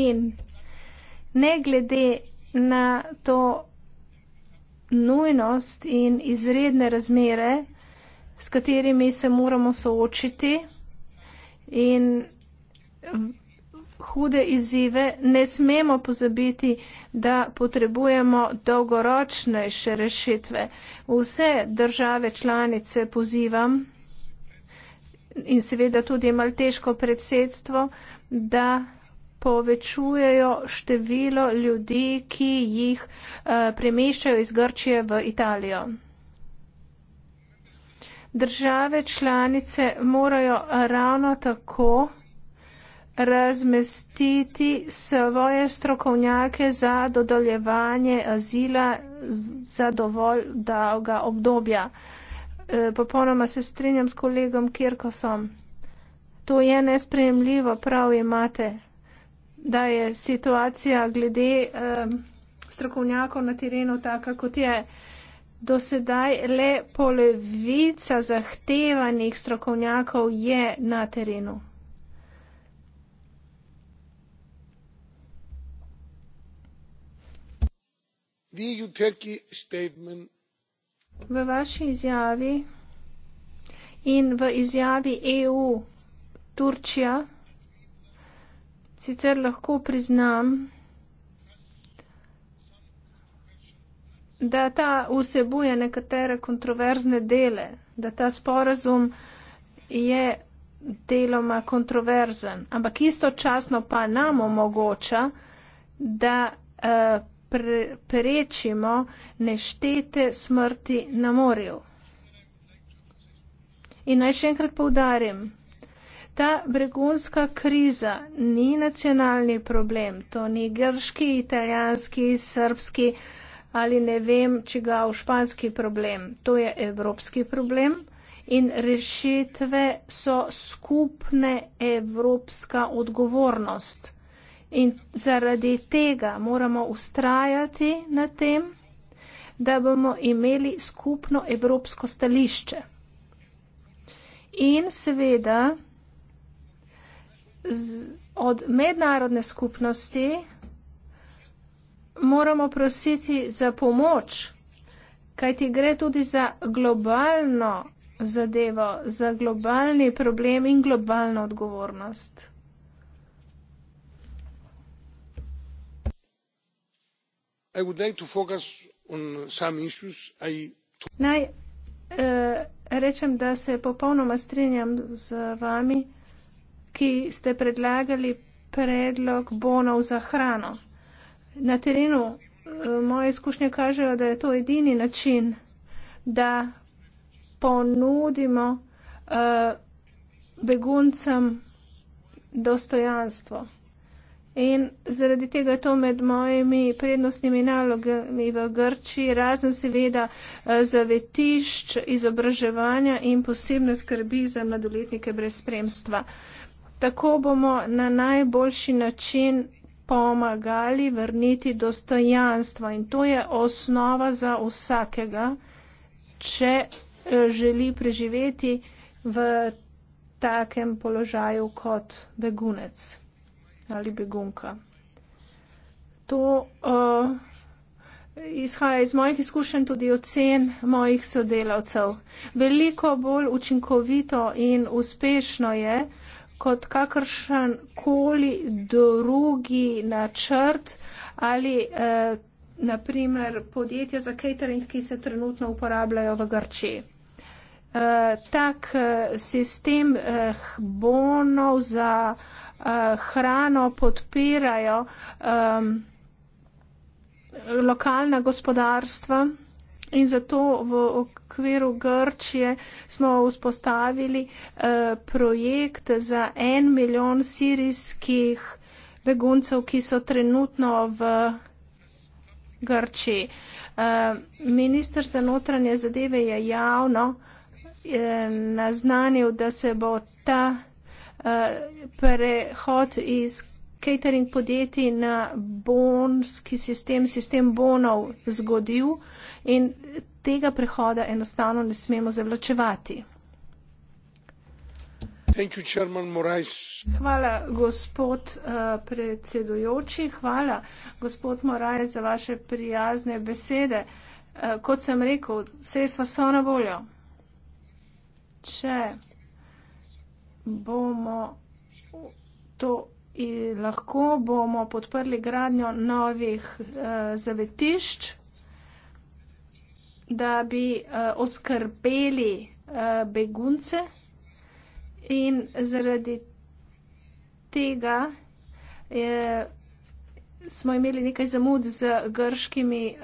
In ne glede na to nujnost in izredne razmere, s katerimi se moramo soočiti in hude izzive, ne smemo pozabiti, da potrebujemo dolgoročnejše rešitve. Vse države članice pozivam in seveda tudi malteško predsedstvo, da povečujejo število ljudi, ki jih uh, premeščajo iz Grčije v Italijo. Države članice morajo ravno tako razmestiti svoje strokovnjake za dodeljevanje azila za dovolj dolga obdobja. E, popolnoma se strinjam s kolegom Kirkosom. To je nespremljivo, prav imate da je situacija glede um, strokovnjakov na terenu taka, kot je. Do sedaj le polovica zahtevanih strokovnjakov je na terenu. V vaši izjavi in v izjavi EU Turčija Sicer lahko priznam, da ta vsebuje nekatere kontroverzne dele, da ta sporazum je deloma kontroverzen, ampak istočasno pa nam omogoča, da eh, prečimo neštete smrti na morju. In naj še enkrat poudarim, Ta begunska kriza ni nacionalni problem, to ni grški, italijanski, srpski ali ne vem, če ga v španski problem. To je evropski problem in rešitve so skupne evropska odgovornost. In zaradi tega moramo ustrajati na tem, da bomo imeli skupno evropsko stališče. In seveda, z, od mednarodne skupnosti moramo prositi za pomoč, kajti gre tudi za globalno zadevo, za globalni problem in globalno odgovornost. Naj uh, rečem, da se popolnoma strinjam z vami ki ste predlagali predlog bonov za hrano. Na terenu eh, moje izkušnje kažejo, da je to edini način, da ponudimo uh, beguncem dostojanstvo. In zaradi tega je to med mojimi prednostnimi nalogami v Grčiji, razen seveda eh, zavetišč izobraževanja in posebne skrbi za mladoletnike brez spremstva. Uh, Tako bomo na najboljši način pomagali vrniti dostojanstvo in to je osnova za vsakega, če eh, želi preživeti v takem položaju kot begunec ali begunka. To uh, izhaja iz mojih izkušenj tudi ocen mojih sodelavcev. Veliko bolj učinkovito in uspešno je, kot kakršen koli drugi načrt ali eh, naprimer podjetja za catering, ki se trenutno uporabljajo v Grči. Eh, tak eh, sistem eh, bonov za eh, hrano podpirajo eh, lokalna gospodarstva. In zato v okviru Grčije smo vzpostavili eh, projekt za en milijon sirijskih beguncev, ki so trenutno v Grčiji. Eh, minister za notranje zadeve je javno eh, naznanil, da se bo ta eh, prehod iz catering podjetij na bonski sistem, sistem bonov zgodil in tega prehoda enostavno ne smemo zavlačevati. Hvala, gospod uh, predsedujoči. Hvala, gospod Moraes, za vaše prijazne besede. Uh, kot sem rekel, sredstva so na voljo. Če bomo to lahko bomo podprli gradnjo novih eh, zavetišč, da bi eh, oskrbeli eh, begunce in zaradi tega smo imeli nekaj zamud z grškimi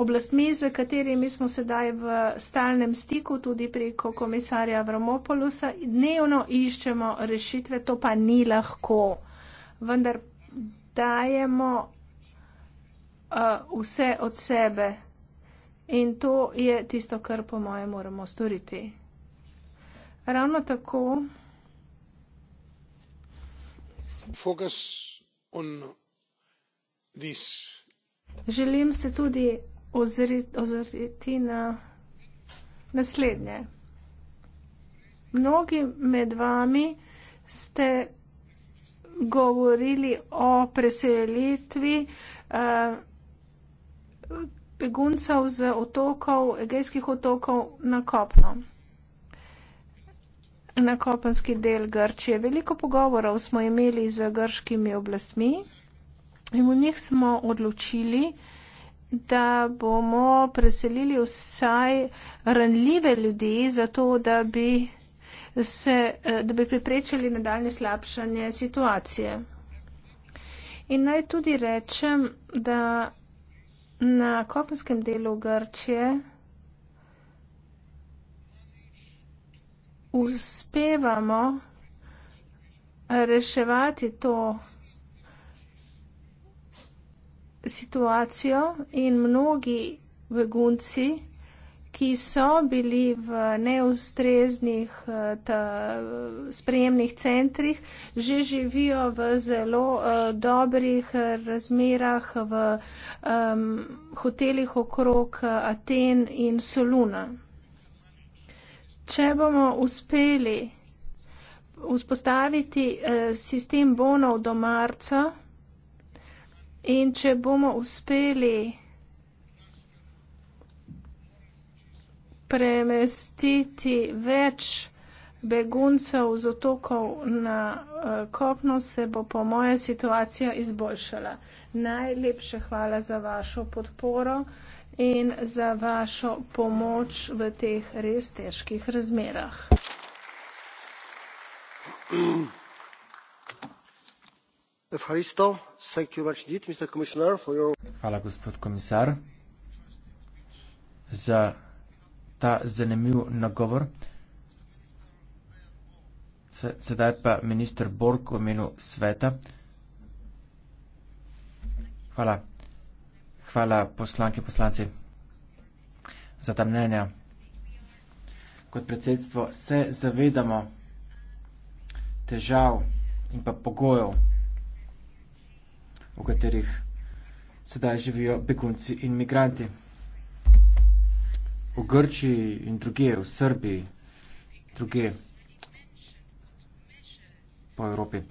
oblastmi, z katerimi smo sedaj v stalnem stiku, tudi preko komisarja Avramopolusa, dnevno iščemo rešitve, to pa ni lahko. Vendar dajemo uh, vse od sebe in to je tisto, kar po moje moramo storiti. Ravno tako. Želim se tudi ozreti na naslednje. Mnogi med vami ste govorili o preselitvi eh, beguncev z otokov, egejskih otokov na kopno, na kopenski del Grčije. Veliko pogovorov smo imeli z grškimi oblastmi in v njih smo odločili, da bomo preselili vsaj ranljive ljudi, zato da bi, se, eh, da bi preprečili nadaljne slabšanje situacije. In naj tudi rečem, da na kopenskem delu Grčije uspevamo reševati to situacijo in mnogi begunci, ki so bili v neustreznih eh, sprejemnih centrih, že živijo v zelo uh, dobrih eh, razmerah v um, hotelih okrog Aten in Soluna. Če bomo uspeli vzpostaviti uh, sistem bonov do marca, In če bomo uspeli premestiti več beguncev z otokov na eh, kopno, se bo po moje situacija izboljšala. Najlepše hvala za vašo podporo in za vašo pomoč v teh res težkih razmerah. Hvala, gospod komisar, za ta zanimiv nagovor. Sedaj pa minister Bork v imenu sveta. Hvala. Hvala poslanke, poslanci za ta mnenja. Kot predsedstvo se zavedamo težav in pa pogojev, v katerih sedaj živijo begunci in migranti. V Grčiji in druge, v Srbiji, druge po Evropi.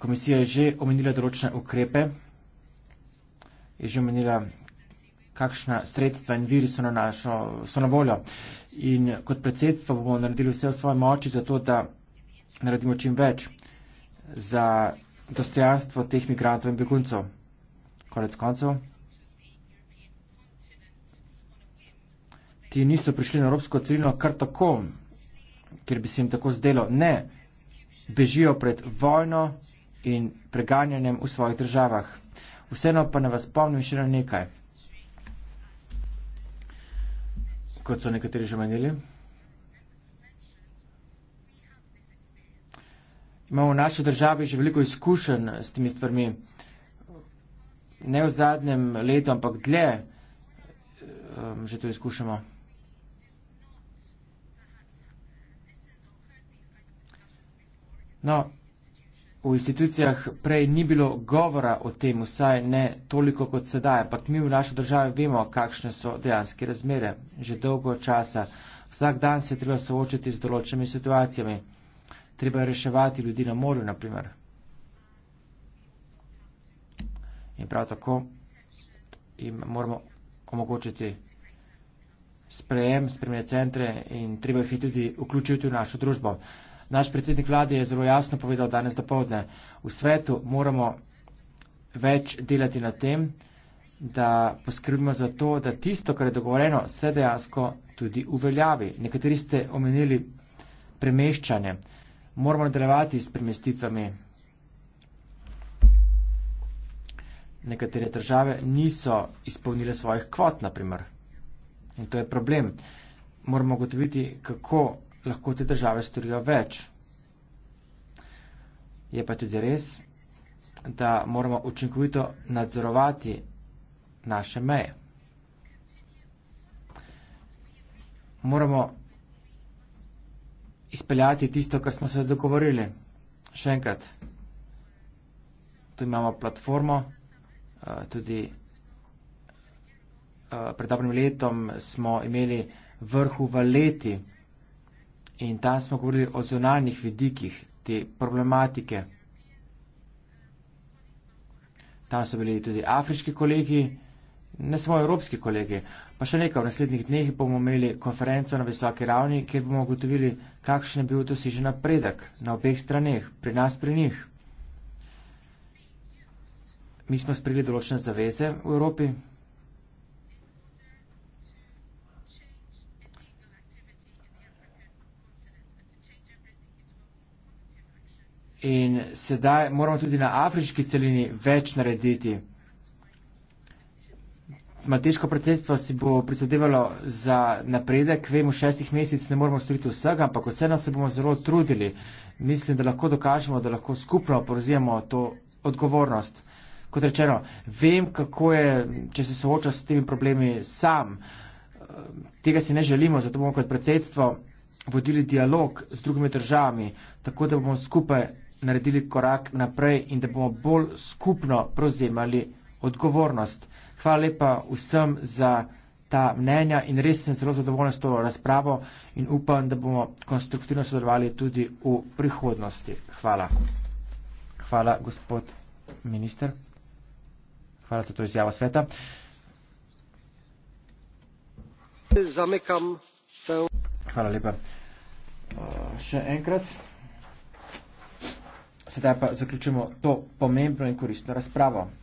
Komisija je že omenila določene ukrepe, je že omenila, kakšna sredstva in viri so na, našo, so na voljo. In kot predsedstvo bomo naredili vse v svoji moči za to, da naredimo čim več za dostojanstvo teh migrantov in beguncov. Konec koncev, ti niso prišli na evropsko celino kar tako, ker bi se jim tako zdelo. Ne, bežijo pred vojno in preganjanjem v svojih državah. Vseeno pa ne vas spomnim še na nekaj, kot so nekateri že menili. imamo v naši državi že veliko izkušenj s temi stvarmi. Ne v zadnjem letu, ampak dlje um, že to izkušamo. No, v institucijah prej ni bilo govora o tem, vsaj ne toliko kot sedaj, ampak mi v naši državi vemo, kakšne so dejanske razmere. Že dolgo časa, vsak dan se treba soočiti z določenimi situacijami treba je reševati ljudi na morju, naprimer. In prav tako jim moramo omogočiti sprejem, spremljene centre in treba jih tudi vključiti v našo družbo. Naš predsednik vlade je zelo jasno povedal danes dopoledne. V svetu moramo več delati na tem, da poskrbimo za to, da tisto, kar je dogovoreno, se dejansko tudi uveljavi. Nekateri ste omenili premeščanje. Moramo nadaljevati s premestitvami. Nekatere države niso izpolnile svojih kvot, naprimer. In to je problem. Moramo ugotoviti, kako lahko te države storijo več. Je pa tudi res, da moramo učinkovito nadzorovati naše meje. Moramo izpeljati tisto, kar smo se dogovorili. Še enkrat, tu imamo platformo, eh, tudi eh, pred dobrim letom smo imeli vrhu v leti in tam smo govorili o zonalnih vidikih te problematike. Tam so bili tudi afriški kolegi, ne samo evropski kolegi, Pa še nekaj, v naslednjih dneh bomo imeli konferenco na visoki ravni, kjer bomo ugotovili, kakšen je bil dosežen napredek na obeh straneh, pri nas, pri njih. Mi smo sprejeli določene zaveze v Evropi. In sedaj moramo tudi na afriški celini več narediti. Mateško predsedstvo si bo prizadevalo za napredek. Vemo, v šestih mesecih ne moremo storiti vsega, ampak vseeno se bomo zelo trudili. Mislim, da lahko dokažemo, da lahko skupno porozijemo to odgovornost. Kot rečeno, vem, kako je, če se sooča s temi problemi sam. Tega si ne želimo, zato bomo kot predsedstvo vodili dialog z drugimi državami, tako da bomo skupaj naredili korak naprej in da bomo bolj skupno prevzemali odgovornost. Hvala lepa vsem za ta mnenja in res sem zelo zadovoljen s to razpravo in upam, da bomo konstruktivno sodelovali tudi v prihodnosti. Hvala. Hvala, gospod minister. Hvala za to izjavo sveta. Zamekam. Hvala lepa. Še enkrat. Sedaj pa zaključimo to pomembno in koristno razpravo.